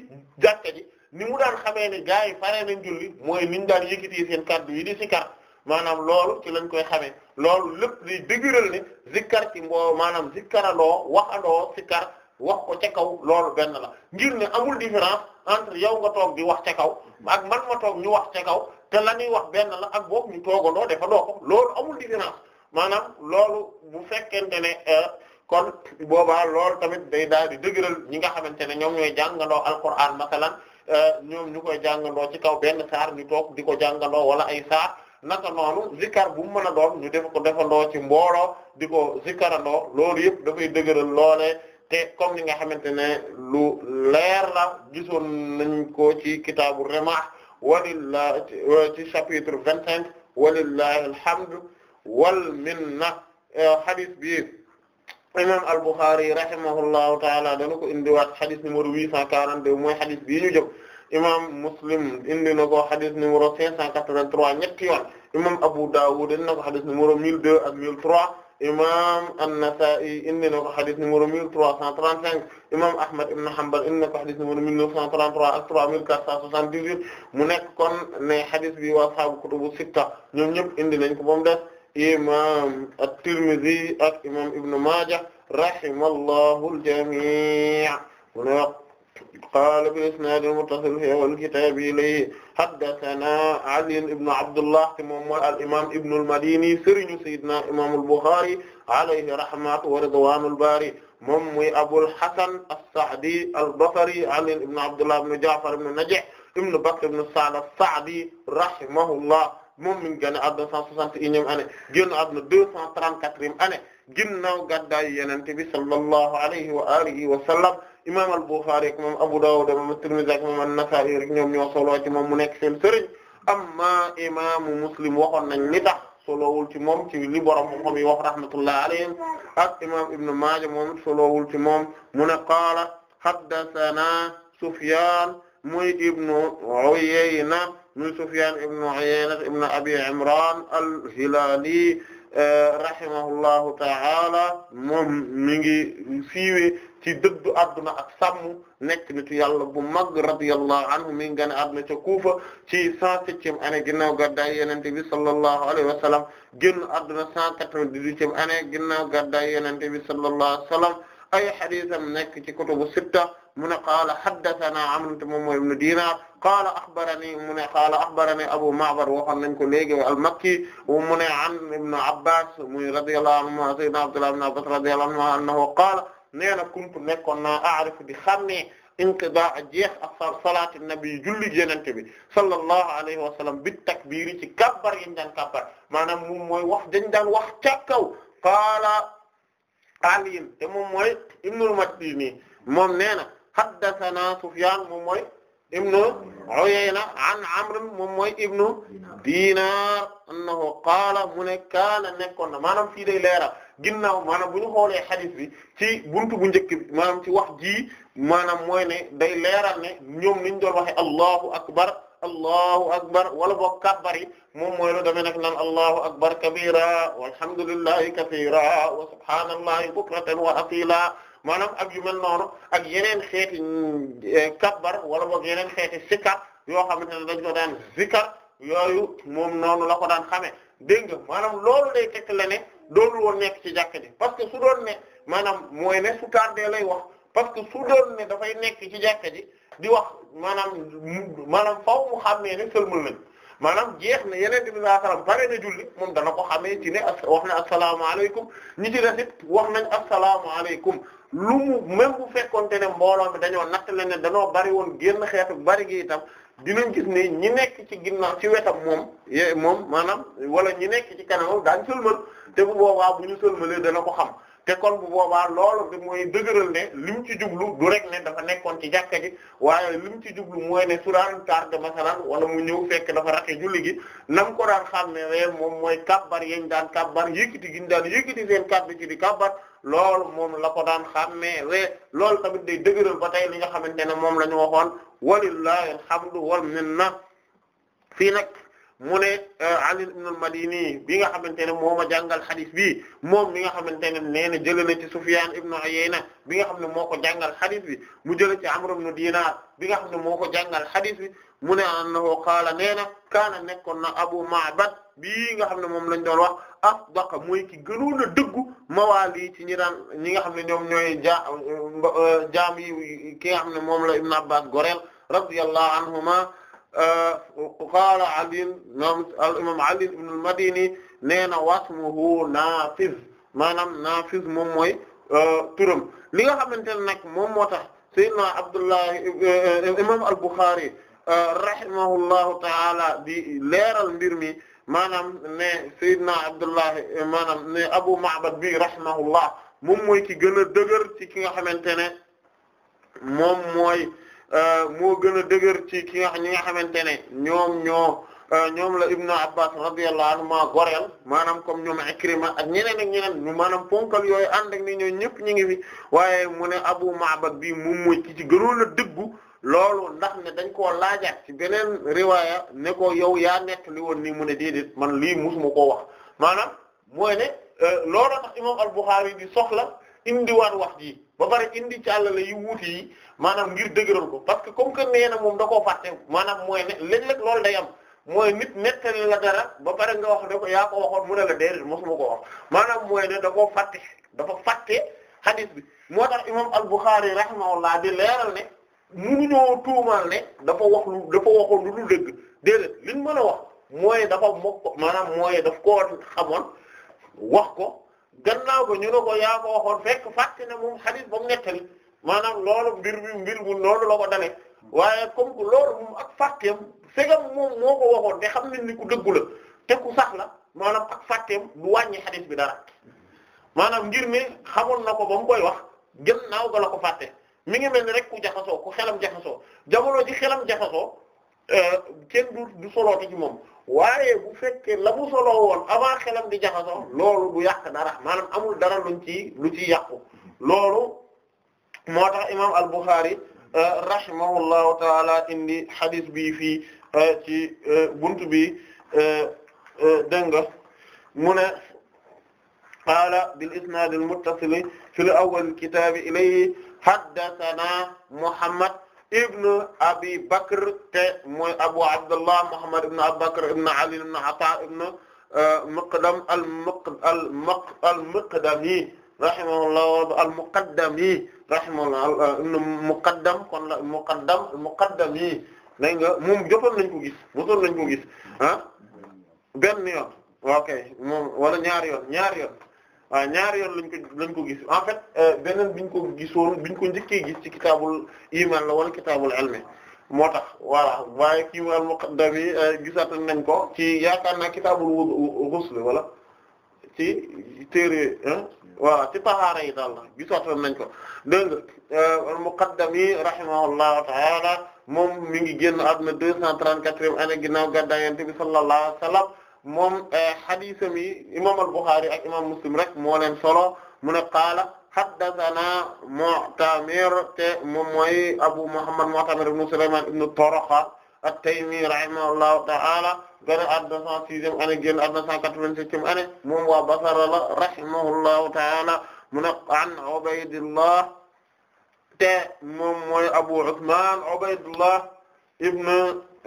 jàkka ji ni mu daan xamee ne gars yi faree nañ julli mooy niñ daan yëkkati seen kàddu yi di sikar maanaam loolu ci lañ koy xamee loolu lépp di dëgëral ne zikkar ci mboo maanaam zikkarandoo waxandoo sikkar wax ko ca kaw loolu benn la ngir ne amul différence entre yow nga toog di wax ca kaw ak man ma toog ñu wax ca kaw te la ñuy wax benn la ak boog ñu toogandoo dafa doo ko loolu amul différence maanaam loolu bu fekkente ne euh, kon boobaa lool tamit day daal di dëgëral ñi nga xamante ne ñoom ñooy jàngandoo alquran masalan euh, ñoom ñu koy jàngandoo ci kaw benn saar ñu toog di ko jàngandoo wala ay saar naka noonu zikkar bu mu mën a doon ñu def ko defandoo ci mbooloo di ko zikkarandoo loolu yëpp dafay dëgëral loole te comme ni nga xamante ne lu leer la gisoon nañ ko ci kitaabu remah walillah ci chapitre vingt cinq walillahi alhamdu wal minna hadith bi imam al-Bukhari rahimahullahu taala dana ko indiwaat hadith numéro huit cent quarante-deux mooy hadith bii ñu jëm imam Muslim indi na ko xadis numéro 583 ñetti yoon imam Abu Dawud indi na ko xadis numéro 1002 ak 1003 imam An-Nasa'i indi na ko xadis numéro 1335 imam Ahmad ibn Hanbal indi na ko xadis numéro 1933 ak mu nekk kon ne xadis bi wa ashaabu kutubu sitta ñoom ñëpp indi nañ ko ba mu des imam At-Tirmidhi ak imam Ibn Maaja rahimallahu al-jami' qaala bi-isnaadil muttasil fil kitaabi ilayhi haddasanaa Ali ibn Abdullah te moom mooy al-imaam Ibnul Madini sëriñu sayyidinaa imaamul Buxaari alayhi rahmatu wa ridwaanul baari moom mooy Abul Hasan as-Sa'di al-Basri Ali ibn Abdullah ibn Ja'far ibn Najih ibn Bakr ibn Sa'd as-Sa'di rahimahullah moom mi ngi génn àdduna 161 année génn àdduna 234 année ginnaaw gàddaay Yonent bi sallallahu alayhi wa alihi wa sallam imam al-Bukhari ak imam Abu Dawud ak imam Tirmidhi ak imam an-Nasa'i rek ñoom ñoo solo ci moom mu nekk seen sëriñ amma imaamu Muslim waxoon nañ li tax solowul ci moom ci li borom xam-xam yi wax rahmatullah alayhim ak imam Ibn Maaja moom solowul ci moom mu ne qaala haddathana Sufyaan muy ibnu Uyayna muy Sufyaan ibnu Uyayna ibnu Abi Imraan al-Hilaali rahimahullahu ta'ala moom mi ngi siiwe ci dëddu adduna ak sàmm nekk nitu yàlla bu mag radiyallahu anhu mi ngi gane adduna ca Kufa ci cent septième année ginnaaw gàddaay yenente bi sallallahu alayhi wa sallam génn adduna cent quatre-vingt-dix-huitième année ginnaaw gàddaay yenente bi sallallahu alayhi wa sallam ay hadisam nekk ci kutubu sitta mu ne qaala haddathanaa Amr moom mooy ibn Diinaar qaala axbarani mu ne qaala axbarani Abu Ma'bad waxoon nañ ko léegi al-Makki mu ne an ibn Abbaas muy radiyallahu anhu sayyidina Abdullah ibn Abbaas radiyallahu anhu annahu qaala nee na kuntu nekkoon naa a'rifu di xàmmee inqidaa jeex ak salaati nabi julli yenente bi sallallahu alayhi wa sallam bi takbiiri ci kabbar yi ñu daan kabbar maanaam moom mooy wax dañ daan wax ca kaw qaala Ali te moom mooy Ibnul Madini moom nee na haddathana Sufyan moom mooy ibnu Uyayna an Amr moom mooy ibnu Dinar annahu qaala mu ne kaana nekkoon na maanaam fii day leeral ginnaaw maanaam bu ñu xoolee xadis bi ci buntu bu njëkk bi maanaam ci wax ji maanaam mooy ne day leeral ne ñoom niñ doon waxe allahu akbar allahu akbar wala boog kabbar yi moom mooy lu demee nag naan allahu akbar kabira walhamdulillahi kathira wa subhanallahi bukratan wa asila maanaam ak yu mel noonu ak yeneen xeeti eh, kabbar wala boog yeneen xeeti sikar yoo xam ne dañ ko daan zikar yooyu moom noonu la ko daan xamee dégg nga maanaam loolu day tekk la ne doonul woon nekk ci jàkka ji parce que su doon ne maanaam mooy ne su tardé lay wax parce que su doon ne dafay nekk ci jàkka ji di wax maanaam maanaam faw mu xàmmee ne sëlmal lañ maanaam jeex na yeneen bi saa salaam pare na julli moom dana ko xamee ci ne wax na asalaamaaleykum ñi ci des it wax nañ asalaamaaleykum lu mu même bu fekkoonte ne mbooloo bi dañoo natt leen ne dañoo bari woon génn xeetu bari gi itam dinañ gis ne ñi nekk ci ginnaaw ci wetam moom moom maanaam wala ñi nekk ci kanamam daañ sëlmal te bu boobaa bu ñu sëlmalee dana ko xam te kon bu boobaa loolu mooy dëgërël ne li mu ci jublu du rek ne dafa nekkoon ci jàkka ji waaye li mu ci jublu mooy ne su taar tardé masalan wala mu ñëw fekk dafa raxe julli gi nam ko daan xàmmee moom mooy kabbar yeñ daan kabbar yëkkati gin ñu daan yëkkati seen kàddu ci di kabbar loolu moom la ko daan xàmmee wee lool tamit day dëgëral ba tey li nga xamante ne moom la ñu waxoon walillahi alhamdu wal minna fii nag mu ne euh, Ali ibn al-Madini bi nga xamante ne moo ma jàngal xadis bi moom mi nga xamante ne nee na jëlee na ci Sufyan ibn Uyayna bi nga xam ne moo ko jàngal xadis bi mu jëlee ci Amr ibn Dinar bi nga xam ne moo ko jàngal xadis bi mu ne annahu qaala nee na kaana nekkoon na Abu Ma'bad bi nga xam ne moom lañ doon wax a asdaqa mooy ki gënoon a dëggu mawaali ci ñi daan ñi nga xam ne ñoom ñooy ja euh, euh, jaam yi ki nga xam ne moom la Ibn Abbas goreel radiyallahu anhuma Uh, qaala Ali moom al-imaam Ali ibn al-Madini nee na wasmuhu Naafiz maanaam Naafiz moom mooy uh, turam li nga xamante ne nag moom moo tax Seydina Abdullah uh, imaam al-Bukhari rahimahullahu taala di leeral mbir mi maanaam ne Seydina Abdullah maanaam ne Abu Ma'bad bi rahimahullah moom mooy ki gën a dëgër ci ki nga xamante ne moom mooy. Euh, moo gën a dëgër ci ki nga ñi nga xamante ne ñoom ñoo euh, ñoom la Ibnu Abbas radiyallahu anhu goreel maanaam comme ñoom Ikrima ak ñeneen ak ñeneen ñu maanaam ponkal yooyu ànd ak ni ñoo ñëpp ñu ngi fi waaye mu ne Abu Ma'bad bi mu mooy ki ci gënoon a dëggu loolu ndax ne dañ koo laajaat ci beneen riwaaya ne ko yow yaa nekk li woon nii mu ne déedéet man lii musuma koo wax maanaam mooy ne euh, loolu tax imam Al-Bukhârî di soxla indiwaat wax ji ba pare indi càllale yi wuute yi maanaam ngir dëgëral ko parce que comme que nee na moom da koo fàtte maanaam mooy ne léeg-léeg loolu day am mooy nit nettali la dara ba pare nga wax ne ko yaa ko waxoon mu a la déedéet mosuma ko wax maanaam mooy ne da koo dafa fàtte hadith bi moo tax imam al-Bukhari rahimahullah di leeral ne munuñoo tuumaal ne dafa wax lu dafa waxoon lu dul dëgg déedéet liñ mën a wax mooy dafa mokk maanaam mooy daf koo xamoon wax ko gannaaw ba ñu ne ko yaa ko waxoon fekk fàtte na moom xadis ba mu nettali maanaam loolu mbir mi mbir mu noonu la ko dale waaye comme que loolu moom ak fàtteem segam moom moo ko waxoon te xam nañ ni ku dëggula la te ku sax la maanaam ak fàtteem du wàññi xadis bi dara maanaam ngir mi xamoon na ko ba mu koy wax gannaaw ba la ko fàtte mi ngi mel ni rek ku jaxasoo ku xelam jaxasoo jamono ji xelam jaxasoo euh, kenn du du solooti ci moom waaye bu fekkee la mu soloo woon avant xelam di jaxasoo loolu du yàq dara maanaam amul dara luñ ci lu ci yàqu loolu moo tax imam al-Bukhari euh, rahimahullahu taala indi hadith bi fii euh, ci euh, buntu bi dégg nga mu ne qaala bil isnaad al-muttasil fil awwal kitaab ilayhi haddathana Muhammad ibnu abi bakr te mooy abu abdullah muhammad ibnu abi bakr ibnu ali ibnu ata ibnu uh, muqdam al muq al muq al muqdami rahimahullah al-muqaddami rahimahullah uh, muqaddam kon la muqaddam muqaddami dégg nga moom jotoon nañ ko gis mosoon nañ ko gis ah benn yoon ok moom wala ñaari yoon ñaari yoon Ah, ñaari yoon lañ ko lañ ko gis en fait euh, beneen biñ ko gisoon biñ ko njëkkee gis ci kitaabul iman la wala kitaabul ilmi moo tax voilà waaye kii mu al-Muqaddam yi euh, gisaat nañ ko ci yaakaar naa kitaabul ghusl wala ci téere voilà ci tahaara yi daal la gisaat nañ ko dégg nga euh, al-Muqaddam yi rahimahullahu ta'ala moom mi ngi génn àdduna deux cent trente-quatrième année ginnaaw gàddaay Yonent bi sallallahu alayhi wa sallam moom eh, xadisam yi imam al-Bukhari ak imam Muslim rek moo leen solo mu ne qaala haddathana Mu'tamir te moom mooy Abu Muhammad Mu'tamir ibn Sulayman ibn Taraxa at-Taymi rahimahullahu ta'ala gën a àdduna cent sixième année génn àdduna cent quatre-vingt-septième année moom waa Basra la rahimahullahu ta'ala mu ne an Ubaydullah te moom mooy Abu Uthman Ubaydullah ibn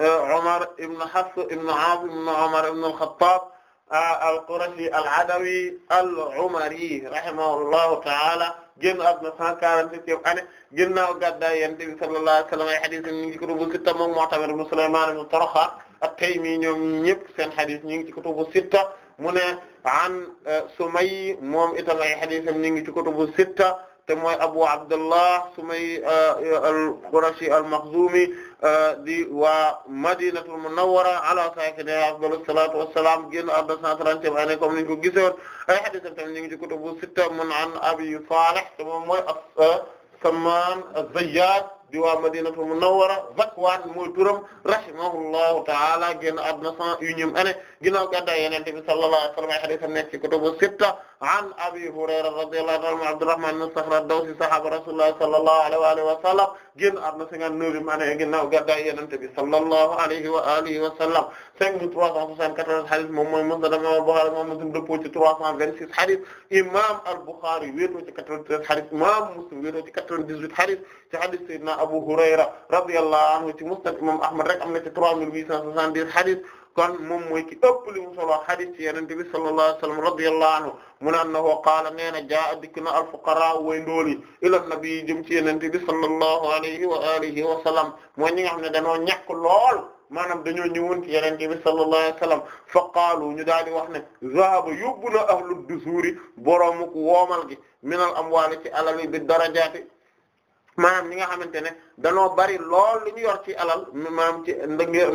Eh, Omar ibn Hafs ibn Aas ibn Omar ibn al-Khattab ah, al-Qurashi al-Adawi al-Umari rahimahullahu ta'ala génn àdduna 147 année ginnaaw gàddaay Yonent bi sallallahu alayhi wa sallam ay hadith ñu ngi ci kutubu sitta moom Mu'tamir ibn Sulaymaan ibn Tarkha at-Taymi ñoom ñëpp seen hadith ñu ngi ci kutubu sitta mu ne an eh, Sumayy moom itam ay hadith ñu ngi ci kutubu sitta te mooy Abu Abdullah Sumay euh, al-Qurashi al-Makhzumi euh, di waa Madinatul Munawwara ala saakinihaa afdalu salaatu wa salaam génn àdduna 130 année comme ni ñu ko gisoon ay hadiisam tam ñu ngi ci kutubu sitta mun an Abi Salih te moom mooy euh, Sammaan az-Zayyaat di waa Madinatul Munawwara Zakwaan mooy turam rahimahullahu ta'ala génn àdduna 101 année ginnaaw gàddaay Yonent bi sallallahu alayhi wa sallam ay hadiisam nekk ci kutubu sitta an abi hurayra radiyallahu anhu abdurrahman ibn sakhra dawsi sahaba rasulullah sallallahu alayhi wa alihi wa sallam génn àdduna 59 ane ginnaaw gàddaay yonent bi sallallahu alayhi wa alihi wa sallam 5374 hadith moom mooy musnad imam Bukhari moom Muslim dëppoo ci 326 hadith imam al-Bukhari wéetoo ci 93 hadith imam Muslim wéetoo ci 98 hadith ci hadith sayyidina Abu Hurayra radiyallahu anhu ci musnad imam Ahmad rek am na ci 3870 hadith kon moom mooy ki ëpp li mu solo hadith ci yonent bi sallallahu alayhi wa sallam radiyallahu anhu mu ne annahu qaala nee na jaa dikk na alfuqaraa way ndooli ila nabi jëm ci yonent bi sallallahu alayhi wa alihi wa sallam mooy ñi nga xam ne dañoo ñàkk lool maanaam dañoo ñëwoon ci yonent bi sallallahu alayhi wa qaalu ñu daal di wax ne zahaba yóbbu na ahlu dusuuri ku woomal gi minal amwaali ci alali bi darajaati maanaam ñi nga xamante ne danoo bari lool lu ñu yor ci alal maanaam ci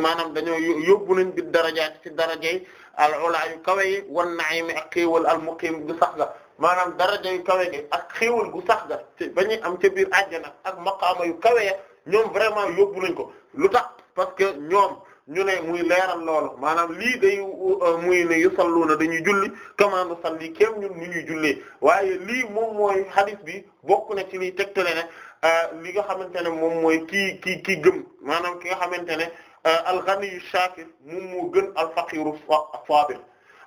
maanaam dañoo yóbbu nañ bi darajaat ci darajay al ulaa yu kawe yi wan na'im ak xéewal al muqiim gu sax ga maanaam daraja yu kawe ak xéewal gu sax ga ci ba ñuy am ca biir àjjana ak maqaama yu kawe ñoom vraiment yóbbu nañ ko lu tax parce que ñoom ñu ne muy leeral lool maanaam lii day euh, muy ne yu salluuna dañuy julli kama nusalli kéem ñu nu ñuy jullee waaye lii moom mooy hadith bi bokk na ci liy tegtale ne Euh, li nga xamante ne moom mooy kii kii kii gëm maanaam ki nga xamante ne euh, alghaniyu shakir moom moo gën alfaqiru sabir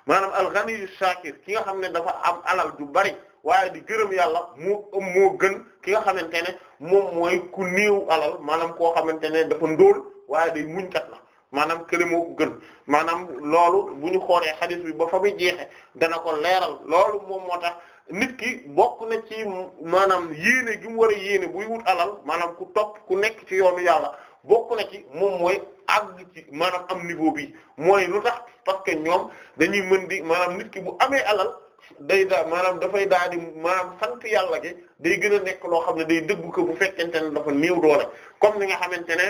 maanaam alghaniyu shakir ki nga xam ne dafa am alal du bari waaye di gërëm yàlla moo moo gën ki nga xamante ne moom mooy ku néew alal maanaam koo xamante ne dafa ndóol waaye day muñkat la maanaam kële moo gën maanaam loolu bu ñu xoolee xadis bi ba fa jeexe dana ko leeral loolu moom moo tax nit ki bokk na ci maanaam yéene gi mu war a yéene buy wut alal maanaam ku topp ku nekk ci yoonu yàlla bokk na ci moom mooy àgg ci maanaam am niveau bi mooy lu tax parce que ñoom dañuy mën di maanaam nit ki bu amee alal day daa maanaam dafay daa di maanaam sant yàlla gi day gën a nekk loo xam ne day dëgg ko bu fekkente ne dafa néew doole comme ni nga xamante ne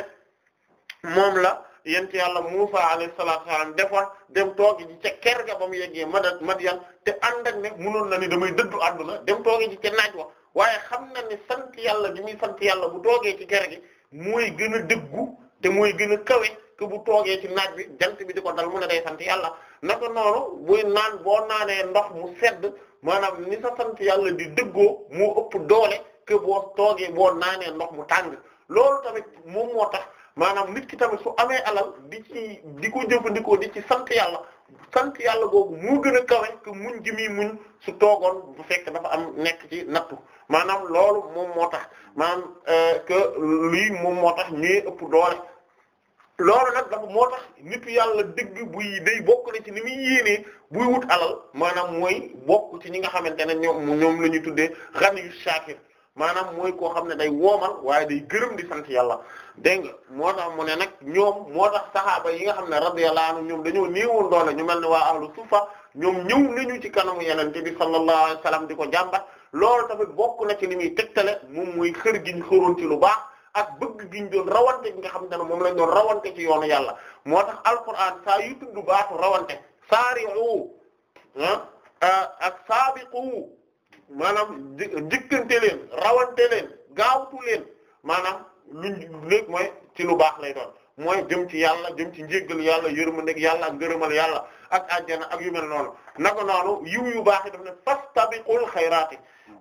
moom la. yent yàlla Muusa alayhi salaatu wa salaam defoon dem toogi ji ca ker ga ba mu yeggee madat Madyan te ànd ak ne munoon na ni damay dëddu àdduna dem toogi ji ca naaj wa waaye xam na ne sant yàlla bi muy sant yàlla bu toogee ci ker gi mooy gën a dëggu te mooy gën a kawe que bu toogee ci naaj bi jant bi di ko dal mu ne day sant yàlla naka noonu buy naan boo naanee ndox mu sedd maanaam ni sa sant yàlla di dëggoo mu ëpp doole que boo toogee boo naanee ndox mu tàng loolu tamit moom moo tax maanaam nit ki tamit su amee alal di ci di ko jëfandikoo di ci sant yàlla sant yàlla googu moo gën a kawe que muñ gi muy muñ su toogoon bu fekk dafa am nekk ci nattu maanaam loolu moom moo tax maanaam euh, que lii moom moo tax ñuy ëpp doole loolu nag dafa moo tax nit yàlla dëgg buy day bokk na ci ni muy yéenee buy wut alal maanaam mooy bokk ci ñi nga xamante ne ñoom ñoom la ñuy tuddee xan yu saakir maanaam mooy koo xam ne day woomal waaye day gërëm di sant yàlla dégg nga moo tax mu ne nag ñoom moo tax saxaaba yi nga xam ne radiyallahu anhum ñoom dañoo néewoon doole ñu mel ne waa ahlu sufa ñoom ñëw ñu ci kanam yenente bi sallallahu alayhi wasallam di ko jàmbat loolu tamit bokk na ci li muy tegtale moom mooy xër gi ñu xëroon ci lu baax ak bëgg gi ñu doon rawante gi nga xam ne moom lañ doon rawante ci yoonu yàlla moo tax alquran saa yu tudd baatu rawante saari'u ah ak saabiqu maanaam di dikkante leen rawante leen gaawtu leen maanaam luñ mooy ci lu baax lay doon mooy jëm ci yàlla jëm ci njéggal yàlla yërmandeg yàlla ak ngërëmal yàlla ak àjjana ak yu mel noonu naka noonu yiw yu baax dam daf ne fastabiqul xayraat yi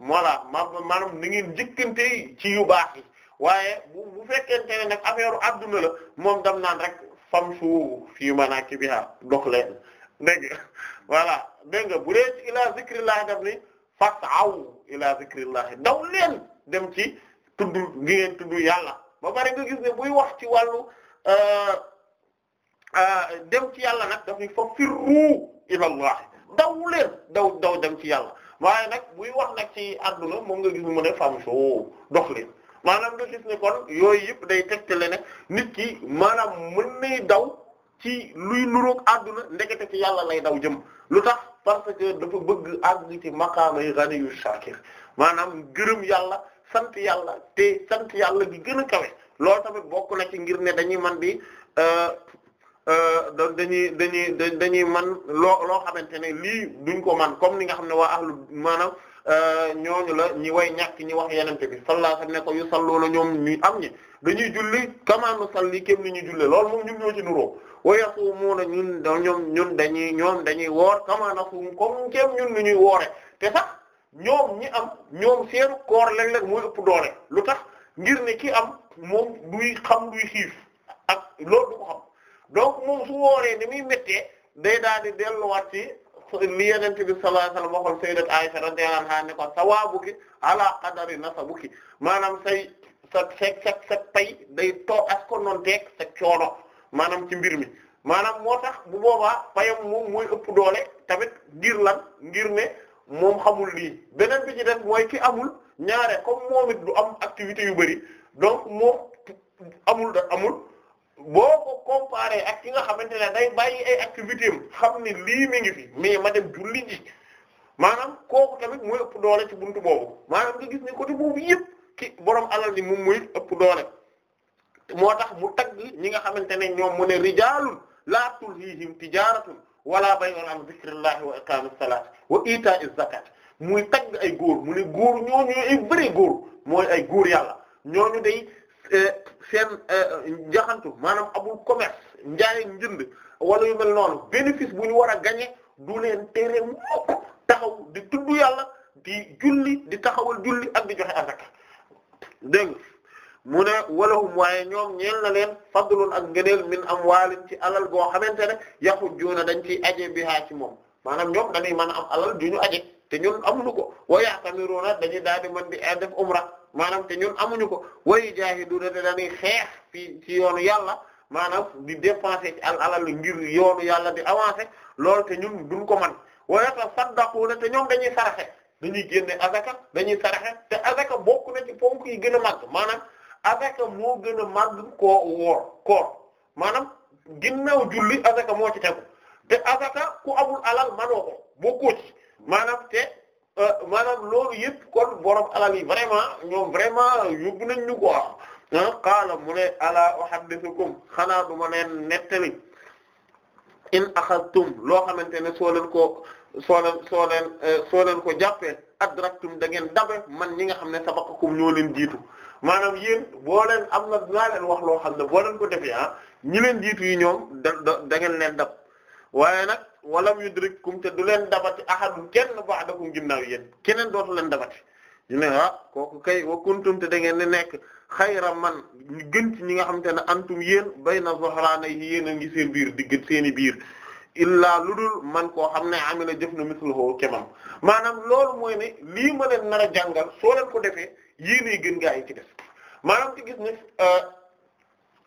voilà maanaam na ngeen njëkkante ci yu baax yi waaye bu bu fekkente ne nag affaire u adduna la moom dam naan rek famsu fii manaakibihaa dox leen dégg voilà dégg bu dee ci ila zikrillah daf ni fas'aw ila zikrillah daw leen dem ci tudd ngi ngeen tudd yàlla ba pare nga gis ne buy wax ci wàllu euh, euh, dem ci yàlla nag daf ni fa firru ila allah daw leen daw daw dem ci yàlla waaye nag buy wax nag ci adduna moom nga gis mu ne fam soo dox leen maanaam nga gis ne kon yooyu yëpp day tegtale ne nit ki maanaam mën nay daw ci luy nuroog àdduna ndekete ci yàlla lay daw jëm lu tax parce que dafa bëgg àgg ci maqaama yi ghani yu shakir maanaam gërëm yàlla sant yàlla te sant yàlla gi gën a kawe loolu tamit bokk na ci ngir ne dañuy man di euh, euh, dañuy dañuy dañuy man loo loo xamante ne lii duñ ko man comme ni nga xam ne waa ahlu maanaam Euh, ñooñu la ñi way ñàkk ñi wax yenente bi sallallahu alayhi wasallam ne ko yu salloo la ñoom ñu am ñi dañuy julli kama nusalli kéem ni ñu julle loolu moom ñun ñoo ci nuróo wa yasuumuuna ñun ñoom ñun dañuy ñoom dañuy woor kama nasuum comme kéem ñun ni ñuy woore te sax ñoom ñi am ñoom seeru koor léeg-léeg mooy ëpp doole lu tax ngir ne ki am moom duy xam duy xiif ak loolu du ko xam donc moom su wooree ni muy day daal delluwaat ci li Yonent bi sallallahu alayhi wa sallam waxoon Sayyidat Aisha radiyallahu anha ne ko sawaabuki ala qadari nasabuki maanaam say sa sa sa pay day too as ko noonu teg sa coono maanaam ci mbir mi maanaam moo tax bu boobaa payam moom mooy ëpp doole tamit ngir lan ngir ne moom xamul lii beneen bi ci def mooy ki amul ñaare comme moom it du am activité yu bëri donc moom amul da amul. boo ko comparé ak ki nga xamante ne day bàyyi ay activités am xam ni lii mi ngi fi mais ma dem julli ji maanaam kooku tamit mooy ëpp doole ci buntu boobu maanaam nga gis ni côté boobu yëpp ki borom alal ni moom muy ëpp doole moo tax mu tagg ñi nga xamante ne ñoom mu ne rijaalun laa tulhiihim tijaaratun wala bay'un an zikrillahi wa iqaamis salaati wa iitaa'iz zakaati muy tagg ay góor mu góor ñooñu ay bëri góor mooy ay góor yàlla ñooñu day seen euh, jaxantu maanaam amul commerce njaay njënd wala yu mel noonu bénéfice bu ñu war a gagner du leen tere mukk taxaw di tudd yàlla di julli di taxawal julli ak di joxe azaka dégg mu ne walahum waaye ñoom ñeel na leen fadlun ak ngëneel min amwaalin ci alal goo xamante ne yaxujjuuna dañ ciy aje bi bihaa ci moom maanaam ñoom dañuy mën a am alal du aje te ñun amuñu ko wa yaatamiruuna dañuy daal di mën di def umra maanaam te ñun amuñu ko way jaahiduuna te dañuy xeex fii ci yoonu yàlla maanaam di dépenser ci al alal ngir yoonu yàlla di avancer lool te ñun duñ ko man wa yatasaddaquuna te ñoom dañuy saraxe dañuy génne azaka dañuy saraxe te azaka bokk na ci ponk yi gën a màgg maanaam azaka moo gën a màgg koo woor koor maanaam ginnaaw julli azaka moo ci tegu te azaka ku amul alal manoo ko bokkoo ci te Euh, maanaam loolu yëpp kon borom alal yi vraiment ñoom vraiment yóbbu nañ ñu ko ah qaala mu ne ala uhaddithukum xanaa du ma leen nettali in axadtum loo xamante ne soo leen ko soo leen soo euh, soo leen ko jàppee adraktum da ngeen dabe man ñi nga xam ne sabaqakum ñoo leen jiitu maanaam yéen boo am na dinaa leen wax loo xam ne boo ko defe ah ñi leen jiitu yi ñoom da da leen dab waaye walam yudrikkum te du leen dabati ahadun kenn ba'dakum ginnaaw yéen keneen dootu leen dabati ñu ne ah kooku kay wa kuntum te da ngeen ne nekk xayra man gën ci ñi nga xam te ne antum yéen bayna zuhraanayhi yéen a ngi seen biir digg seen i biir lu dul man koo xam ne amila jëf na misluhu kemam maanaam loolu mooy ne lii ma leen nar jàngal soo leen ko defee yéenay gën gaa yi ki def maanaam ci gis ne euh,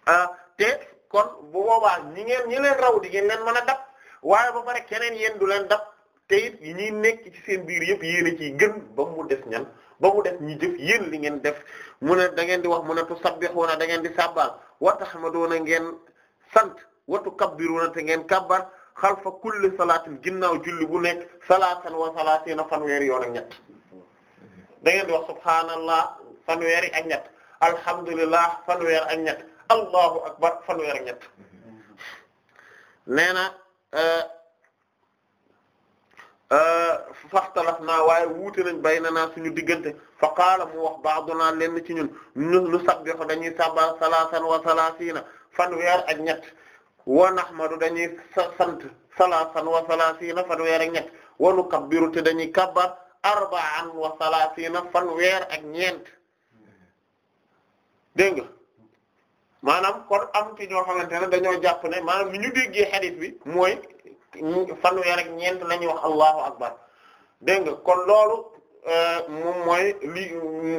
euh, te kon bu boobaa ñi ngeen ñi leen raw di ngeen leen mën a dab waaye ba pare keneen yéen du leen dab te it ñi nekk ci seen biir yëpp yéen a ciy gën ba mu des ñan ba mu des ñi jëf yéen li ngeen def mu ne da ngeen di wax mu ne tusabbihuna da ngeen di sabbal wa tahmaduna ngeen sant wa tukabbiruna te ngeen kabbar xalfa kulli salaatin ginnaaw julli bu nekk salaatan wa salaatina fanweeri yoon ak ñett da ngeen di wax subhaanallah fanweeri ak ñett alhamdulillah fanweer ak ñett allahu akbar fanweer ak ñett mm-hmm. nee Euh, euh, faxtalafnaa waaye wuute nañ baynanaa suñu diggante fa qaala mu wax ba'dunaa lenn ci ñun nu sabbihu dañuy sabba salaasan wa salaasiina fanweer ak ñett wa nahmadu dañuy sant salaasan wa ñett wa nukabbiru te dañuy kabbar arba'an wa salaasiina fanweer ak ñeent dégg nga maanaam kon am ci ñoo xamante ne dañoo jàpp ne maanaam ni ñu déggee xadis bi mooy fanweer ak ñeent la ñuy wax allahu akbar dégg nga kon loolu euh, moom mooy li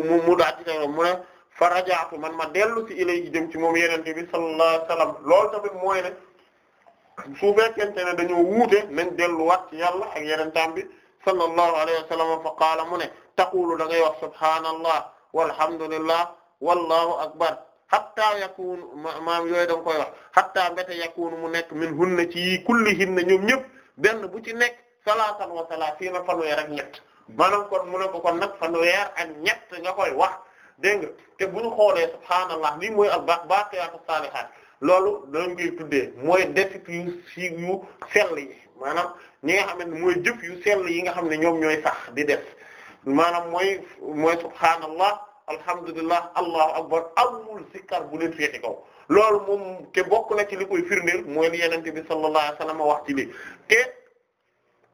mu mu daa ci ta ne fa rajaatu man ma dellu si ilay jëm ci moom yenente bi sallallahu alayhi wasallam loolu tamit mooy ne su fekkente ne dañoo wuute man delluwaat ci yàlla ak yenentaam bi sallallahu alayhi wasallam fa mu ne taqulu da ngay wax subhaanallah walhamdulillah wallahu akbar xattaa yakunu maam yooyu da nga koy wax xattaa mbéte yakunu mu nekk min hunna ci kulli hinna ñoom ñëpp benn bu ci nekk salaasan wa salaasiina fanweer ak ñett maanaam kon mu ne ko kon nag fanweer ak ñett nga koy wax dégg nga te bu ñu xoolee subhaanallah lii mooy al baaqiyaatu saalihaat loolu dañ koy mooy defit yu si yu sell yi maanaam ñi nga xam ne mooy jëf yu sell yi nga xam ne ñoom ñooy sax di def maanaam mooy mooy subhaanallah alhamdulillah allahu akbar amul sikkar bu leen féete kaw loolu moom te bokk na ci li koy firndeel mooy li yenente bi sallallahu alayhi wasallam wax ci lii te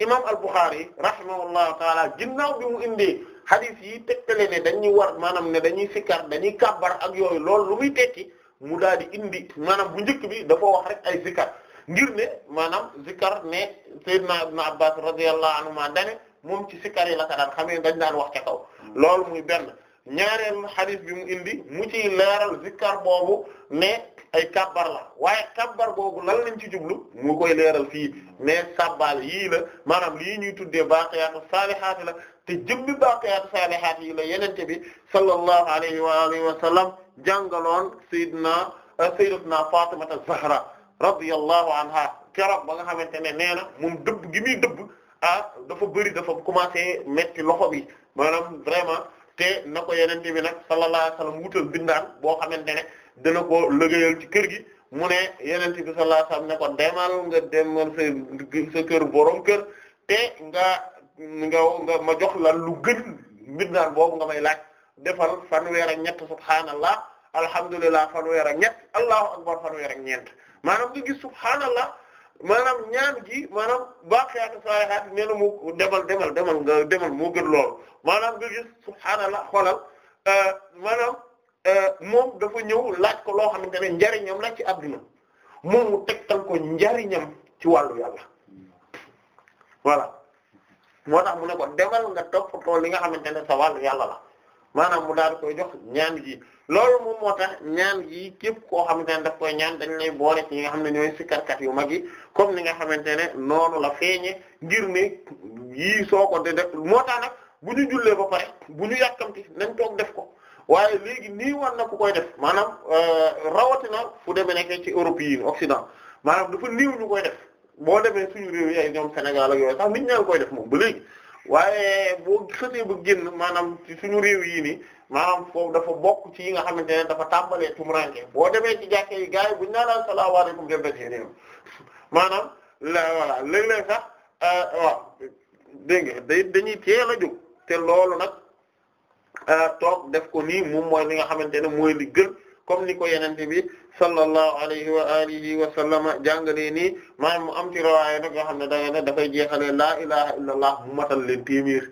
imam al-Bukhari rahimahullahu taala ginnaaw bi mu indee hadith yi tegtale ne dañuy war maanaam ne dañuy sikkar dañuy kàbbar ak yooyu lool lu muy tekki mu daal di indi maanaam bu njëkk bi dafa wax rek ay sikkar ngir ne maanaam sikkar ne Seydina Ibn Abbas radiyallahu anhuma dane moom ci sikkar yi la ka daan xamee dañ daan wax ca kaw lool muy benn ñaareelu xadis bi mu indi mu ci leeral zikkar boobu ne ay kabbar la waaye kabbar boobu lan lañ ci jublu mu koy leeral fii ne sabbal yii la maanaam lii ñuy tuddee baaqiyaatu saalihaat la te jëmbi baaqiyaatu saalihaat yi la yenente bi sallallahu alayhi wa alihi wa sallam jàngaloon sayyidina sayyidatuna Fatima az-Zahra radiyallahu anha keroog ba nga xamante ne nee na moom dëbb gi muy dëbb ah dafa bëri dafa commencé metti loxo bi maanaam te na ko yeneen bi nag sallallahu alayhi wa sallam wutal bindaan boo xamante ne dana ko liggéeyal ci kër gi mu ne yeneen bi sallallahu alayhi wa sallam ne ko demal nga demal sa sa kër borom kër te nga nga nga ma jox la lu gën bindaan boo nga may laaj defal fanweer ak ñett subhaanallah alhamdulillah fanweer ak ñett allahu akbar fanweer ak ñeent maanaam nga gis subhaanallah maanaam ñaan gi maanaam baaqiyaatu saalihaat nee na mu demal demal demal nga demal moo gën loolu maanaam nga gis subhaanallah xoolal euh, maanaam euh, moom dafa ñëw laaj ko loo xam ne njariñam la ci adduna moom mu tegtal ko njariñam ci wàllu yàlla voilà moo tax mu ne ko demal nga toppatoo li nga xamante ne sa wàllu yàlla la maanaam mu daal koy jox ñaan gi loolu moom moo tax ñaan gi képp koo xamante ne daf koy ñaan dañ lay boole nga xam ne ñooy sikkarkat yu mag yi comme ni nga xamante ne noonu la feeñe ngir ne yii soo ko de def moo tax nag bu ñu jullee ba pare bu ñu yàkkamti nañ toog def ko waaye léegi nii war na ku koy def maanaam euh, rawatina fu demee nekk ci Europe yi Occident maanaam dafa niiw ñu koy def boo demee suñu réew yi ñoom Sénégal ak yooyu sax nit ñaa ngi koy def moom ba léegi waaye boo xasee ba génn maanaam ci suñu réew yii nii. maanaam foofu dafa bokk ci yi nga xamante ne dafa tàmbalee tumuranke boo demee ci jàkke yi gars yi buñu naa naan salaamaaleykum dem na seen yoon maanaam la voilà euh, dégg nga day a jóg te loolu nag euh, toog def ko nii moom mooy li nga xamante ne mooy li gën comme ni ko yenente bi sallallahu alayhi wa alihi wa sallama jàngalee nii maanaam mu am ci rawaay xam ne da nga ne dafay jeexalee laa ilaha illa mu matal leen téeméer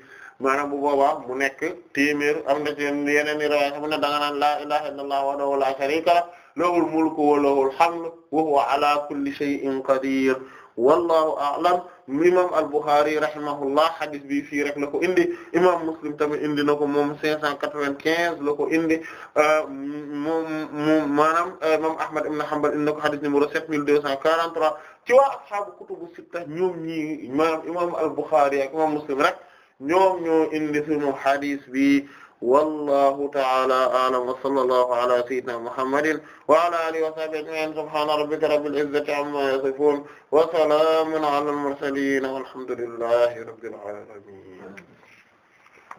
maanaam bu boobaa mu nekk téeméer am na ci yeneen i riwaaya mu ne da nga naan laa ilaha illallah wahdahu la sharika lah lahul mulku wa lahul hamdu wa huwa ala kulli shay'in qadir wallahu a'lam imam al-Bukhari rahimahullah hadis bi fii rek la ko indi imam Muslim tamit indi na ko moom 595 la ko indi moom moom maanaam imam Ahmad ibn Hanbal indi na ko hadis numéro 7243 ci waa ashaabu kutubu sitta ñoom ñi maanaam imam al-Bukhari ak imam Muslim rek ñoom ñoo indi sunu hadis bi wallahu ta'ala a'lam wa sallallahu ala sayyidina muhammadin wa ala alihi wa sahbihi ajma'in subhana rabbika rabbil izzati amma yasifun wa salamun ala al mursalin walhamdulillahi rabbil alamin